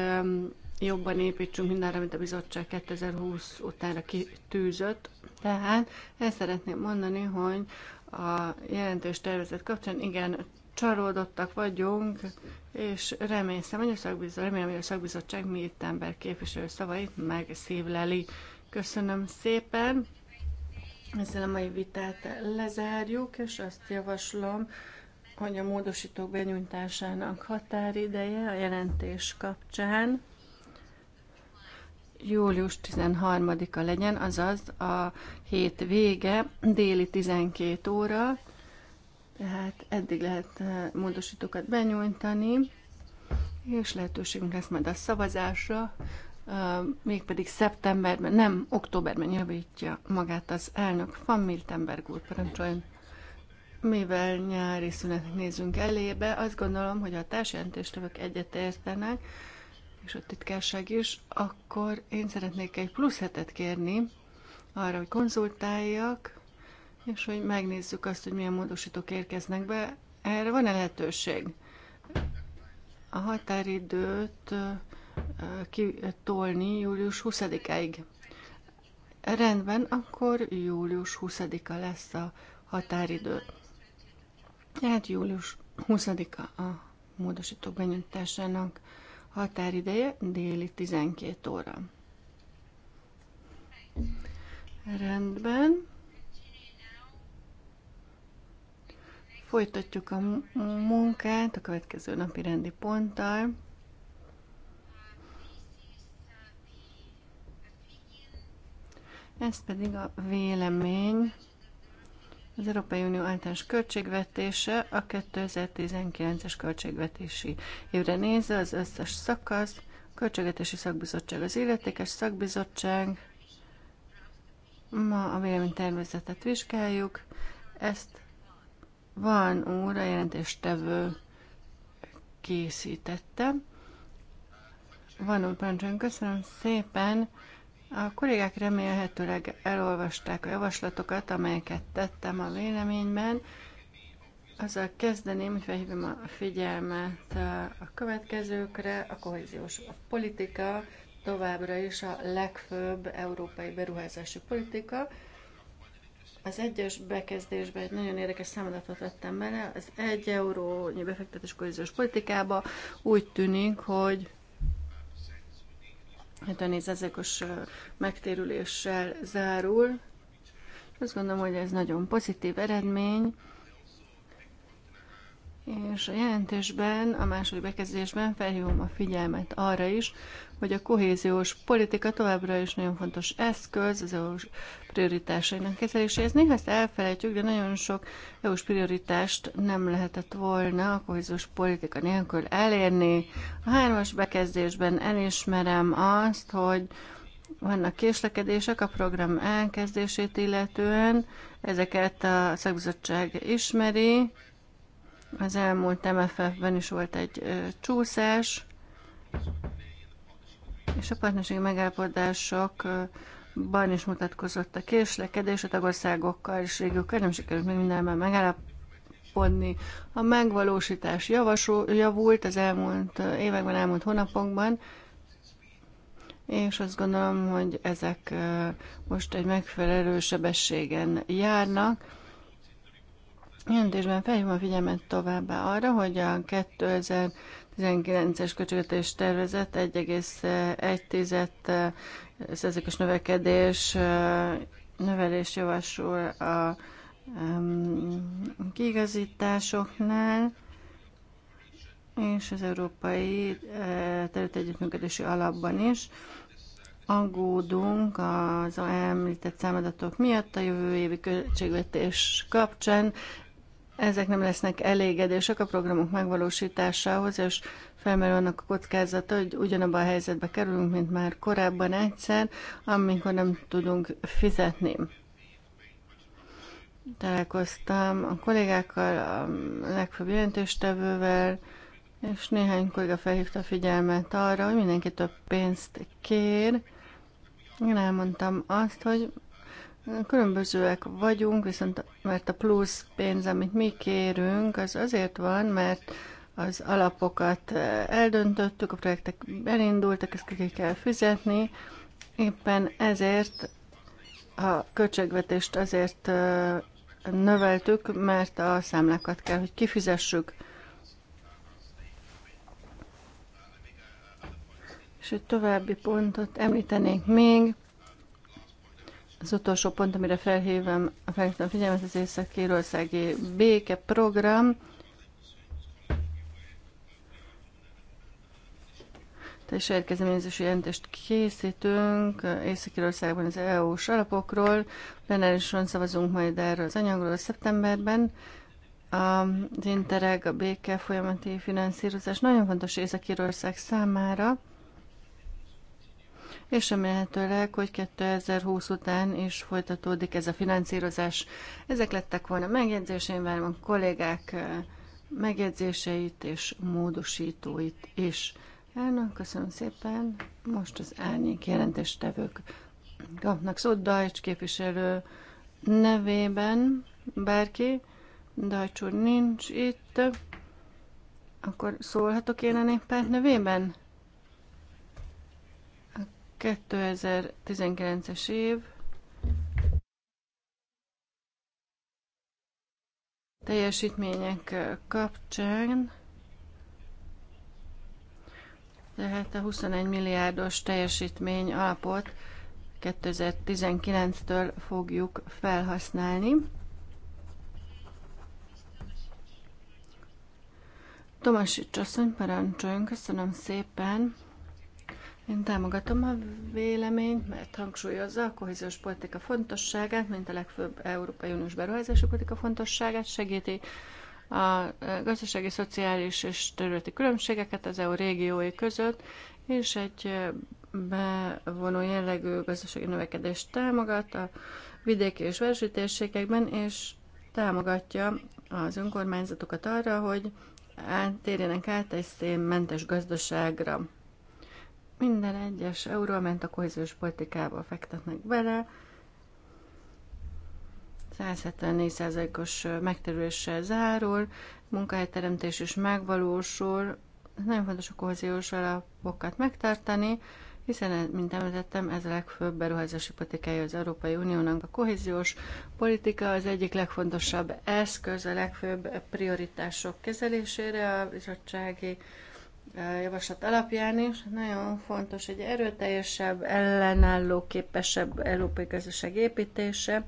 jobban építsünk mindenre, amit a bizottság 2020 utára kitűzött. Tehát el szeretném mondani, hogy a jelentős tervezet kapcsán igen, csalódottak vagyunk, és remélem, hogy a szakbizottság, remélem, hogy a szakbizottság mi ember képviselő szavait megszívleli. Köszönöm szépen! Ezzel a mai vitát lezárjuk, és azt javaslom, hogy a módosítók benyújtásának határideje a jelentés kapcsán július 13-a legyen, azaz a hét vége, déli 12 óra, tehát eddig lehet eh, módosítókat benyújtani, és lehetőségünk lesz majd a szavazásra, eh, mégpedig szeptemberben, nem októberben javítja magát az elnök, Van Miltenberg úr parancsoljon. Mivel nyári szünet nézünk elébe, azt gondolom, hogy a társadalmi egyetértenek, és a titkárság is, akkor én szeretnék egy plusz hetet kérni arra, hogy konzultáljak, és hogy megnézzük azt, hogy milyen módosítók érkeznek be. Erre van-e lehetőség? A határidőt kitolni július 20-áig. Rendben, akkor július 20-a lesz a határidő. Tehát július 20-a a módosítók benyújtásának Határideje déli 12 óra. Rendben. Folytatjuk a munkát a következő napi rendi ponttal. Ez pedig a vélemény az Európai Unió általános költségvetése a 2019-es költségvetési évre nézve az összes szakasz, Költségvetési Szakbizottság az illetékes szakbizottság. Ma a véleménytervezetet vizsgáljuk. Ezt van úr, a jelentéstevő készítette. Van úr, parancsoljon, köszönöm szépen. A kollégák remélhetőleg elolvasták a javaslatokat, amelyeket tettem a véleményben. Azzal kezdeném, hogy felhívom a figyelmet a következőkre. A kohéziós politika továbbra is a legfőbb európai beruházási politika. Az egyes bekezdésben egy nagyon érdekes számadatot vettem bele. Az egy eurónyi befektetés kohéziós politikába úgy tűnik, hogy 74%-os hát megtérüléssel zárul. Azt gondolom, hogy ez nagyon pozitív eredmény, és a jelentésben, a második bekezdésben felhívom a figyelmet arra is, hogy a kohéziós politika továbbra is nagyon fontos eszköz az EU-s prioritásainak kezeléséhez. Néha ezt elfelejtjük, de nagyon sok EU-s prioritást nem lehetett volna a kohéziós politika nélkül elérni. A hármas bekezdésben elismerem azt, hogy vannak késlekedések a program elkezdését illetően, ezeket a szakbizottság ismeri, az elmúlt MFF-ben is volt egy csúszás, és a partnerségi megállapodásokban is mutatkozott a késlekedés, a tagországokkal és régiókkal nem sikerült még mindenben megállapodni. A megvalósítás javasó, javult az elmúlt években, elmúlt hónapokban, és azt gondolom, hogy ezek most egy megfelelő sebességen járnak Jelentésben felhívom a figyelmet továbbá arra, hogy a 2019-es költségvetés tervezet 1,1 százalékos növekedés növelés javasol a kiigazításoknál, és az Európai Terület Együttműködési Alapban is aggódunk az említett számadatok miatt a jövő évi költségvetés kapcsán ezek nem lesznek elégedősek a programok megvalósításához, és felmerül annak a kockázata, hogy ugyanabba a helyzetbe kerülünk, mint már korábban egyszer, amikor nem tudunk fizetni. Találkoztam a kollégákkal, a legfőbb jelentéstevővel, és néhány kolléga felhívta a figyelmet arra, hogy mindenki több pénzt kér. Én elmondtam azt, hogy Különbözőek vagyunk, viszont mert a plusz pénz, amit mi kérünk, az azért van, mert az alapokat eh, eldöntöttük, a projektek elindultak, ezt ki kell fizetni. Éppen ezért a költségvetést azért eh, növeltük, mert a számlákat kell, hogy kifizessük. És egy további pontot említenék még. Az utolsó pont, amire felhívem, felhívtam a figyelmet, az Észak-Írországi békeprogram. Tehát saját kezdeményezési jelentést készítünk Észak-Írországban az EU-s alapokról. Plenárison szavazunk majd erről az anyagról szeptemberben. Az Interreg, a béke folyamati finanszírozás nagyon fontos Észak-Írország számára és remélhetőleg, hogy 2020 után is folytatódik ez a finanszírozás. Ezek lettek volna megjegyzéseim, várom a kollégák megjegyzéseit és módosítóit is. Elnök, köszönöm szépen. Most az árnyék jelentéstevők kapnak szót Dajcs képviselő nevében bárki. Dajcs úr nincs itt. Akkor szólhatok én a néppárt nevében? 2019-es év teljesítmények kapcsán tehát a 21 milliárdos teljesítmény alapot 2019-től fogjuk felhasználni. Tomasi Csasszony, parancsoljon, köszönöm szépen! Én támogatom a véleményt, mert hangsúlyozza a kohéziós politika fontosságát, mint a legfőbb Európai Uniós beruházási politika fontosságát, segíti a eh, gazdasági, szociális és területi különbségeket az EU régiói között, és egy eh, bevonó jellegű gazdasági növekedést támogat a vidéki és versőtérségekben, és támogatja az önkormányzatokat arra, hogy térjenek át egy szénmentes gazdaságra. Minden egyes euró, amelyet a kohéziós politikába fektetnek bele, 174%-os megterüléssel zárul, munkahelyteremtés is megvalósul. Nagyon fontos a kohéziós alapokat megtartani, hiszen, mint említettem, ez a legfőbb beruházási politikája az Európai Uniónak. A kohéziós politika az egyik legfontosabb eszköz a legfőbb prioritások kezelésére a bizottsági javaslat alapján is. Nagyon fontos egy erőteljesebb, ellenálló, képesebb európai gazdaság építése,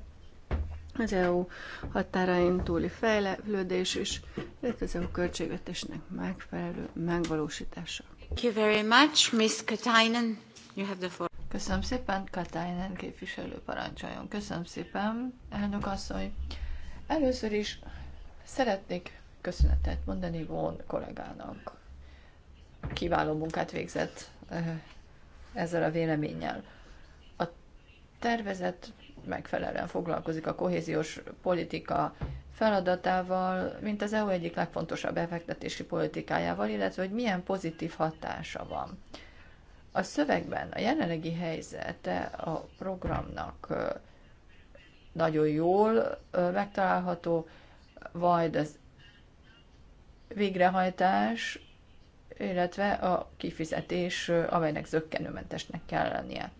az EU határain túli fejlődés is, illetve az EU költségvetésnek megfelelő megvalósítása. Thank you very much, Miss Katainen. You have the floor. Köszönöm szépen, Katainen képviselő parancsoljon. Köszönöm szépen, elnök asszony. Először is szeretnék köszönetet mondani von kollégának kiváló munkát végzett ezzel a véleménnyel. A tervezet megfelelően foglalkozik a kohéziós politika feladatával, mint az EU egyik legfontosabb befektetési politikájával, illetve hogy milyen pozitív hatása van. A szövegben a jelenlegi helyzete a programnak nagyon jól megtalálható, vagy az végrehajtás illetve a kifizetés, amelynek zöggenőmentesnek kell lennie.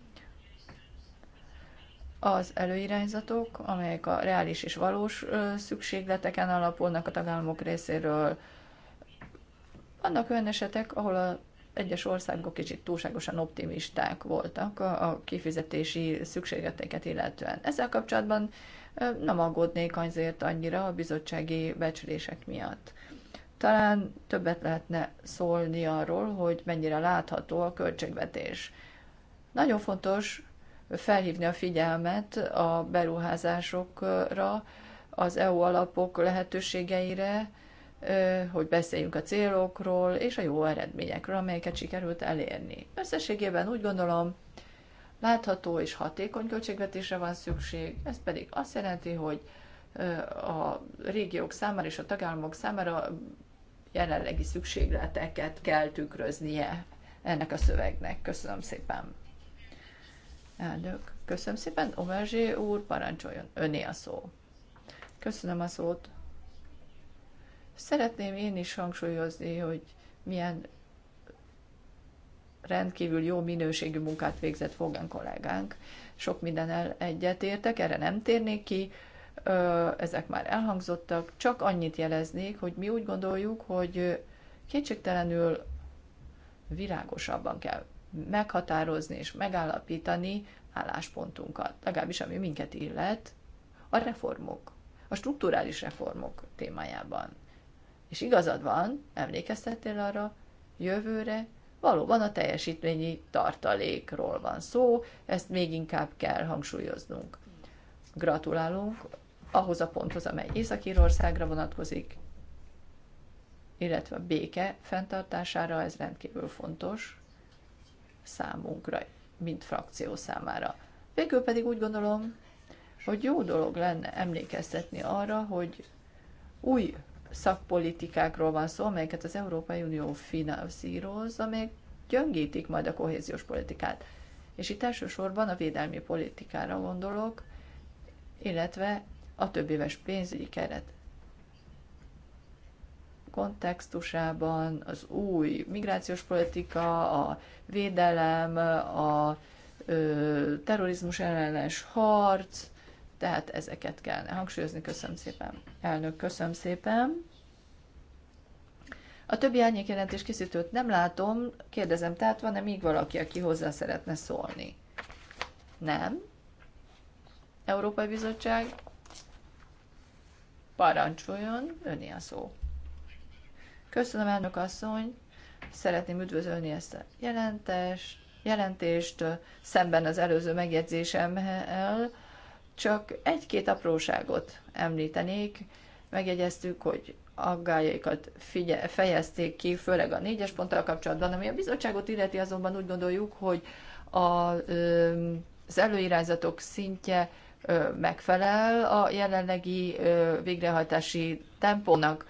Az előirányzatok, amelyek a reális és valós szükségleteken alapulnak a tagállamok részéről, vannak olyan esetek, ahol a egyes országok kicsit túlságosan optimisták voltak a kifizetési szükségleteket illetően. Ezzel kapcsolatban nem aggódnék azért annyira a bizottsági becslések miatt. Talán többet lehetne szólni arról, hogy mennyire látható a költségvetés. Nagyon fontos felhívni a figyelmet a beruházásokra, az EU alapok lehetőségeire, hogy beszéljünk a célokról és a jó eredményekről, amelyeket sikerült elérni. Összességében úgy gondolom, látható és hatékony költségvetésre van szükség, ez pedig azt jelenti, hogy a régiók számára és a tagállamok számára jelenlegi szükségleteket kell tükröznie ennek a szövegnek. Köszönöm szépen. Elnök, köszönöm szépen. Omerzsé úr, parancsoljon. Öné a szó. Köszönöm a szót. Szeretném én is hangsúlyozni, hogy milyen rendkívül jó minőségű munkát végzett Fogan kollégánk. Sok minden el egyetértek, erre nem térnék ki, ezek már elhangzottak, csak annyit jeleznék, hogy mi úgy gondoljuk, hogy kétségtelenül virágosabban kell meghatározni és megállapítani álláspontunkat, legalábbis ami minket illet, a reformok, a strukturális reformok témájában. És igazad van, emlékeztettél arra, jövőre valóban a teljesítményi tartalékról van szó, ezt még inkább kell hangsúlyoznunk. Gratulálunk ahhoz a ponthoz, amely Észak-Írországra vonatkozik, illetve a béke fenntartására, ez rendkívül fontos számunkra, mint frakció számára. Végül pedig úgy gondolom, hogy jó dolog lenne emlékeztetni arra, hogy új szakpolitikákról van szó, amelyeket az Európai Unió finanszíroz, amelyek gyöngítik majd a kohéziós politikát. És itt elsősorban a védelmi politikára gondolok, illetve a éves pénzügyi keret kontextusában az új migrációs politika, a védelem, a ö, terrorizmus ellenes harc, tehát ezeket kellene hangsúlyozni. Köszönöm szépen. Elnök, köszönöm szépen. A többi árnyékjelentés készítőt nem látom, kérdezem, tehát van-e még valaki, aki hozzá szeretne szólni? Nem? Európai Bizottság? Parancsoljon, öné a szó. Köszönöm, elnök asszony. Szeretném üdvözölni ezt a jelentést, jelentést szemben az előző megjegyzésemmel. Csak egy-két apróságot említenék. Megjegyeztük, hogy aggájaikat figye- fejezték ki, főleg a négyes ponttal kapcsolatban, ami a bizottságot illeti, azonban úgy gondoljuk, hogy a, az előirányzatok szintje megfelel a jelenlegi végrehajtási tempónak.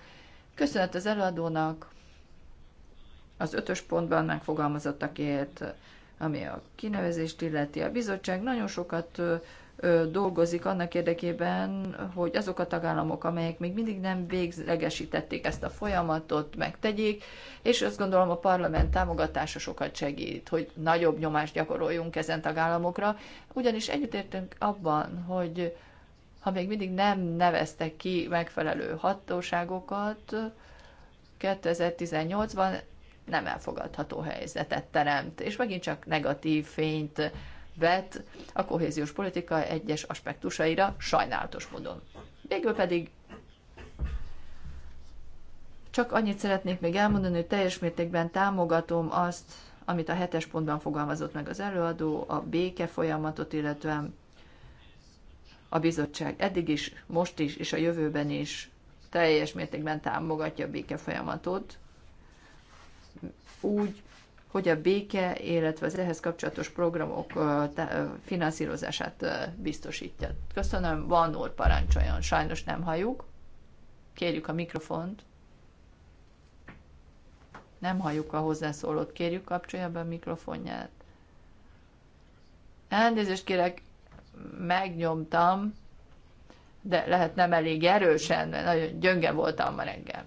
Köszönet az előadónak az ötös pontban megfogalmazottakért, ami a kinevezést illeti. A bizottság nagyon sokat dolgozik annak érdekében, hogy azok a tagállamok, amelyek még mindig nem véglegesítették ezt a folyamatot, megtegyék, és azt gondolom a parlament támogatása sokat segít, hogy nagyobb nyomást gyakoroljunk ezen tagállamokra, ugyanis együttértünk abban, hogy ha még mindig nem neveztek ki megfelelő hatóságokat, 2018-ban nem elfogadható helyzetet teremt, és megint csak negatív fényt vet a kohéziós politika egyes aspektusaira sajnálatos módon. Végül pedig csak annyit szeretnék még elmondani, hogy teljes mértékben támogatom azt, amit a hetes pontban fogalmazott meg az előadó, a béke folyamatot, illetve a bizottság eddig is, most is és a jövőben is teljes mértékben támogatja a béke folyamatot, úgy, hogy a béke, illetve az ehhez kapcsolatos programok finanszírozását biztosítja. Köszönöm, van úr parancsoljon, sajnos nem halljuk. Kérjük a mikrofont. Nem halljuk a hozzászólót, kérjük kapcsolja be a mikrofonját. Elnézést kérek, megnyomtam, de lehet nem elég erősen, mert nagyon gyönge voltam ma reggel.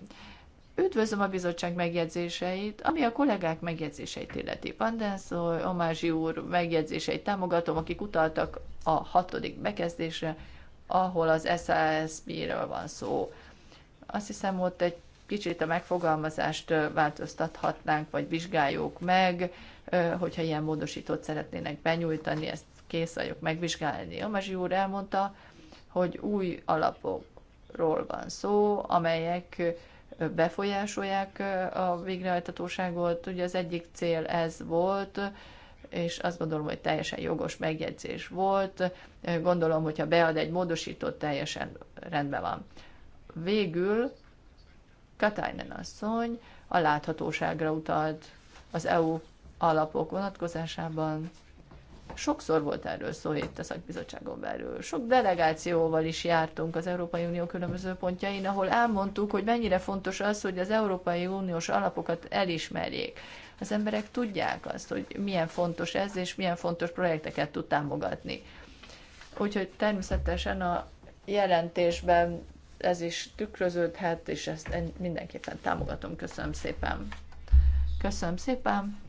Üdvözlöm a bizottság megjegyzéseit, ami a kollégák megjegyzéseit illeti. Pandensz, Omázsi úr megjegyzéseit támogatom, akik utaltak a hatodik bekezdésre, ahol az SAS ről van szó. Azt hiszem, ott egy kicsit a megfogalmazást változtathatnánk, vagy vizsgáljuk meg, hogyha ilyen módosítót szeretnének benyújtani, ezt kész vagyok megvizsgálni. Omázsi úr elmondta, hogy új alapokról van szó, amelyek befolyásolják a végrehajtatóságot. Ugye az egyik cél ez volt, és azt gondolom, hogy teljesen jogos megjegyzés volt. Gondolom, hogyha bead egy módosítót, teljesen rendben van. Végül Katainen asszony a láthatóságra utalt az EU alapok vonatkozásában. Sokszor volt erről szó itt a szakbizottságon belül. Sok delegációval is jártunk az Európai Unió különböző pontjain, ahol elmondtuk, hogy mennyire fontos az, hogy az Európai Uniós alapokat elismerjék. Az emberek tudják azt, hogy milyen fontos ez, és milyen fontos projekteket tud támogatni. Úgyhogy természetesen a jelentésben ez is tükröződhet, és ezt mindenképpen támogatom. Köszönöm szépen. Köszönöm szépen.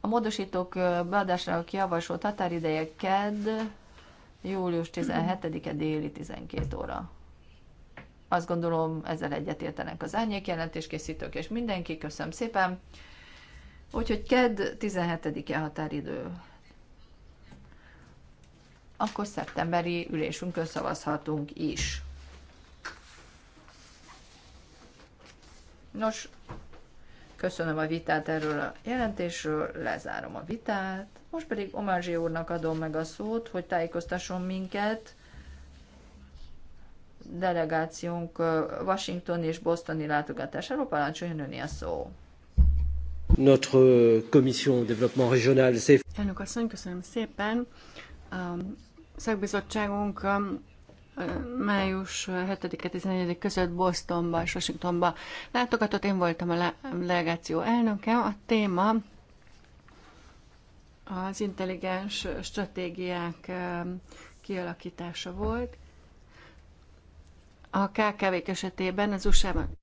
A módosítók beadásának javasolt határideje KED július 17-e déli 12 óra. Azt gondolom, ezzel egyetértenek az árnyék jelentéskészítők és mindenki. Köszönöm szépen. Úgyhogy KED 17-e határidő. Akkor szeptemberi ülésünkön szavazhatunk is. Nos, Köszönöm a vitát erről a jelentésről, lezárom a vitát. Most pedig Omázsi úrnak adom meg a szót, hogy tájékoztasson minket delegációnk Washington és Bostoni látogatásáról. Parancsoljon önni a szó. Notre Commission Développement Régional, c'est... Elnök asszony, köszönöm szépen. A szakbizottságunk május 7-14 között Bostonba és Washingtonba látogatott. Én voltam a delegáció elnöke. A téma az intelligens stratégiák kialakítása volt. A KKV-k esetében az USA-ban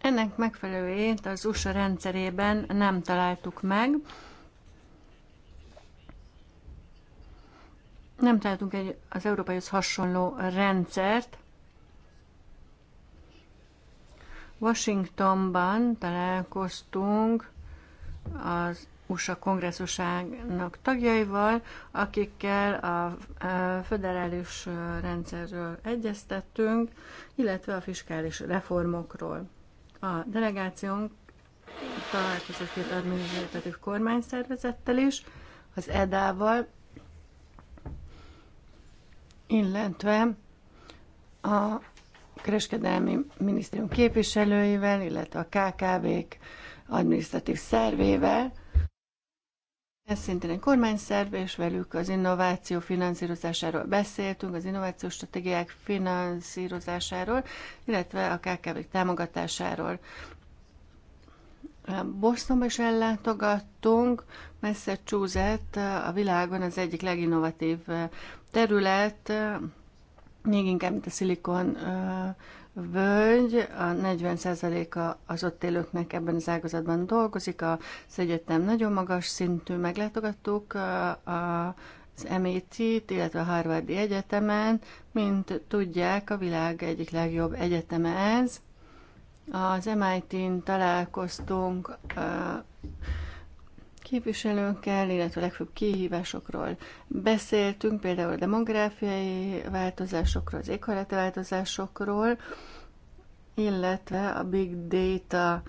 Ennek megfelelőjét az USA rendszerében nem találtuk meg. Nem találtunk egy az európaihoz hasonló rendszert. Washingtonban találkoztunk az USA kongresszusának tagjaival, akikkel a föderális rendszerről egyeztettünk, illetve a fiskális reformokról. A delegációnk találkozott két adminisztratív kormányszervezettel is, az EDA-val, illetve a kereskedelmi minisztérium képviselőivel, illetve a KKV-k adminisztratív szervével, ez szintén egy kormányszerv, és velük az innováció finanszírozásáról beszéltünk, az innovációs stratégiák finanszírozásáról, illetve a kkv támogatásáról. Bostonba is ellátogattunk, Massachusetts a világon az egyik leginnovatív terület, még inkább, mint a szilikon völgy, a 40%-a az ott élőknek ebben az ágazatban dolgozik, az egyetem nagyon magas szintű, meglátogattuk az MIT-t, e illetve a Harvardi Egyetemen, mint tudják, a világ egyik legjobb egyeteme ez. Az MIT-n találkoztunk képviselőkkel, illetve a legfőbb kihívásokról beszéltünk, például a demográfiai változásokról, az éghajlati változásokról, illetve a big data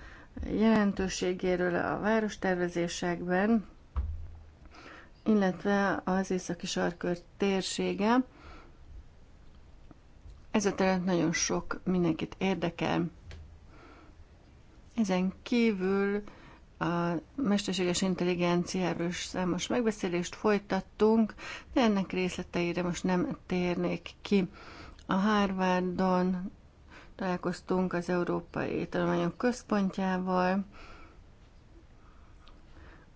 jelentőségéről a várostervezésekben, illetve az északi sarkör térsége. Ez a terület nagyon sok mindenkit érdekel. Ezen kívül a mesterséges intelligenciáról is számos megbeszélést folytattunk, de ennek részleteire most nem térnék ki. A Harvardon találkoztunk az Európai Tanulmányok Központjával,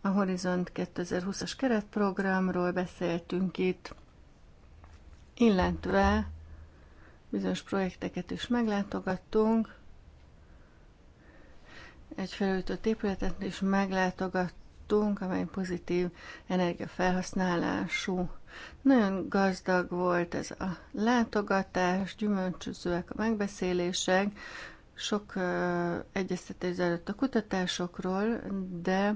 a Horizont 2020-as keretprogramról beszéltünk itt, illetve bizonyos projekteket is meglátogattunk, egy felújított épületet is meglátogattunk, amely pozitív energiafelhasználású. Nagyon gazdag volt ez a látogatás, gyümölcsözőek a megbeszélések, sok uh, egyeztetés zajlott a kutatásokról, de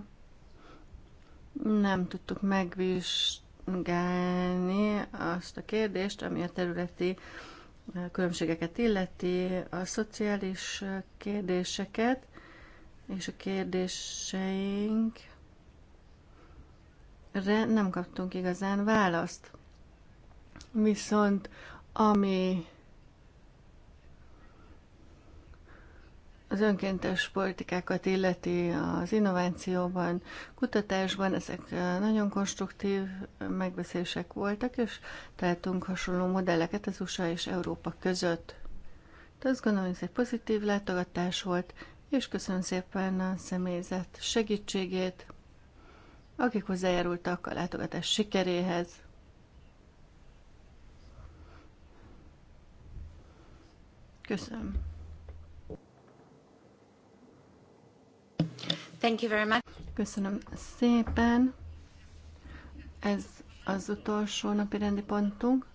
nem tudtuk megvizsgálni azt a kérdést, ami a területi különbségeket illeti, a szociális kérdéseket, és a kérdéseinkre nem kaptunk igazán választ. Viszont ami az önkéntes politikákat illeti az innovációban, kutatásban, ezek nagyon konstruktív megbeszélések voltak, és találtunk hasonló modelleket az USA és Európa között. De azt gondolom, hogy ez egy pozitív látogatás volt, és köszönöm szépen a személyzet segítségét, akik hozzájárultak a látogatás sikeréhez. Köszönöm. Thank you very much. Köszönöm szépen. Ez az utolsó napi rendi pontunk.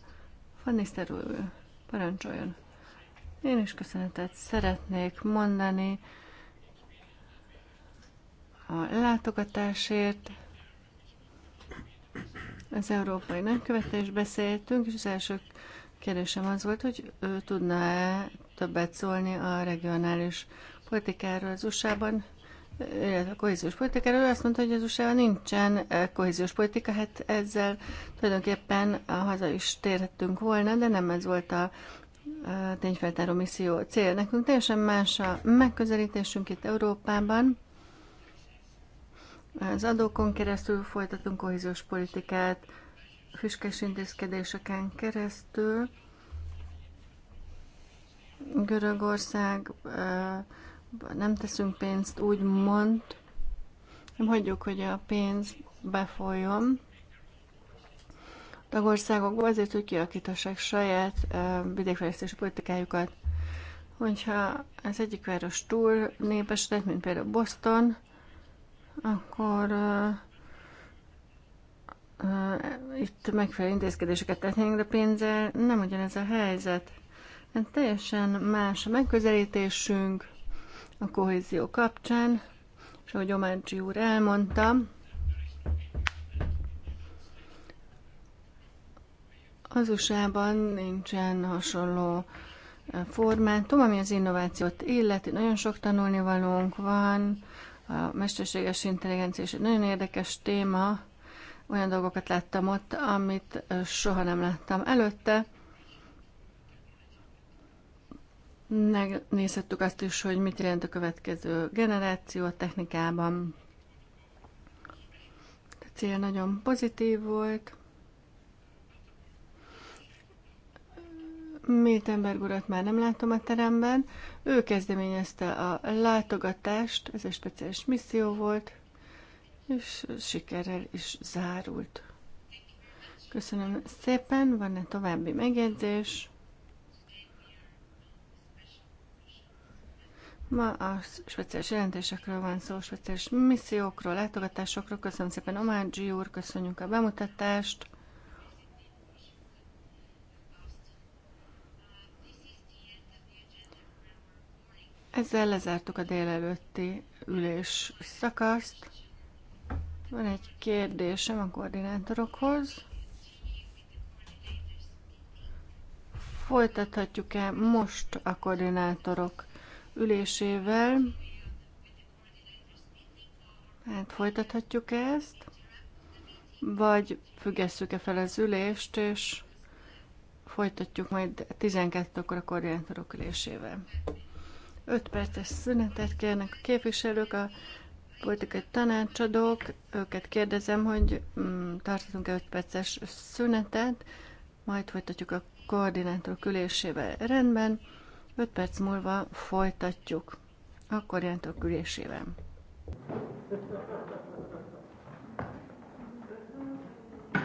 Fannister úr, parancsoljon. Én is köszönetet szeretnék mondani a látogatásért. Az európai nagykövettel beszéltünk, és az első kérdésem az volt, hogy ő tudna-e többet szólni a regionális politikáról az USA-ban, illetve a kohéziós politikáról. Ő azt mondta, hogy az usa nincsen e, kohéziós politika, hát ezzel tulajdonképpen haza is térhettünk volna, de nem ez volt a e, tényfeltáró misszió cél. Nekünk teljesen más a megközelítésünk itt Európában. Az adókon keresztül folytatunk kohéziós politikát, füskes intézkedéseken keresztül. Görögország nem teszünk pénzt, úgy mond, nem hagyjuk, hogy a pénz befolyjon tagországokból azért, hogy kialakítassák saját vidékfejlesztési politikájukat. Hogyha az egyik város túl népesedett, mint például Boston, akkor uh, uh, itt megfelelő intézkedéseket tettünk, de pénzzel nem ugyanez a helyzet. mert hát teljesen más a megközelítésünk a kohézió kapcsán, és ahogy Omácsi úr elmondta, az USA-ban nincsen hasonló formátum, ami az innovációt illeti. Nagyon sok tanulnivalónk van, a mesterséges intelligencia és egy nagyon érdekes téma. Olyan dolgokat láttam ott, amit soha nem láttam előtte. Megnézhettük azt is, hogy mit jelent a következő generáció a technikában. A cél nagyon pozitív volt. Miltenberg urat már nem látom a teremben, ő kezdeményezte a látogatást, ez egy speciális misszió volt, és sikerrel is zárult. Köszönöm szépen, van-e további megjegyzés? Ma a speciális jelentésekről van szó, speciális missziókról, látogatásokról. Köszönöm szépen Omar G. úr, köszönjük a bemutatást. Ezzel lezártuk a délelőtti ülés szakaszt. Van egy kérdésem a koordinátorokhoz. Folytathatjuk-e most a koordinátorok ülésével? Hát folytathatjuk -e ezt? Vagy függesszük-e fel az ülést, és folytatjuk majd 12-kor a koordinátorok ülésével? 5 perces szünetet kérnek a képviselők, a politikai tanácsadók, őket kérdezem, hogy mm, tartunk e 5 perces szünetet, majd folytatjuk a koordinátor külésével, Rendben, 5 perc múlva folytatjuk a koordinátor you.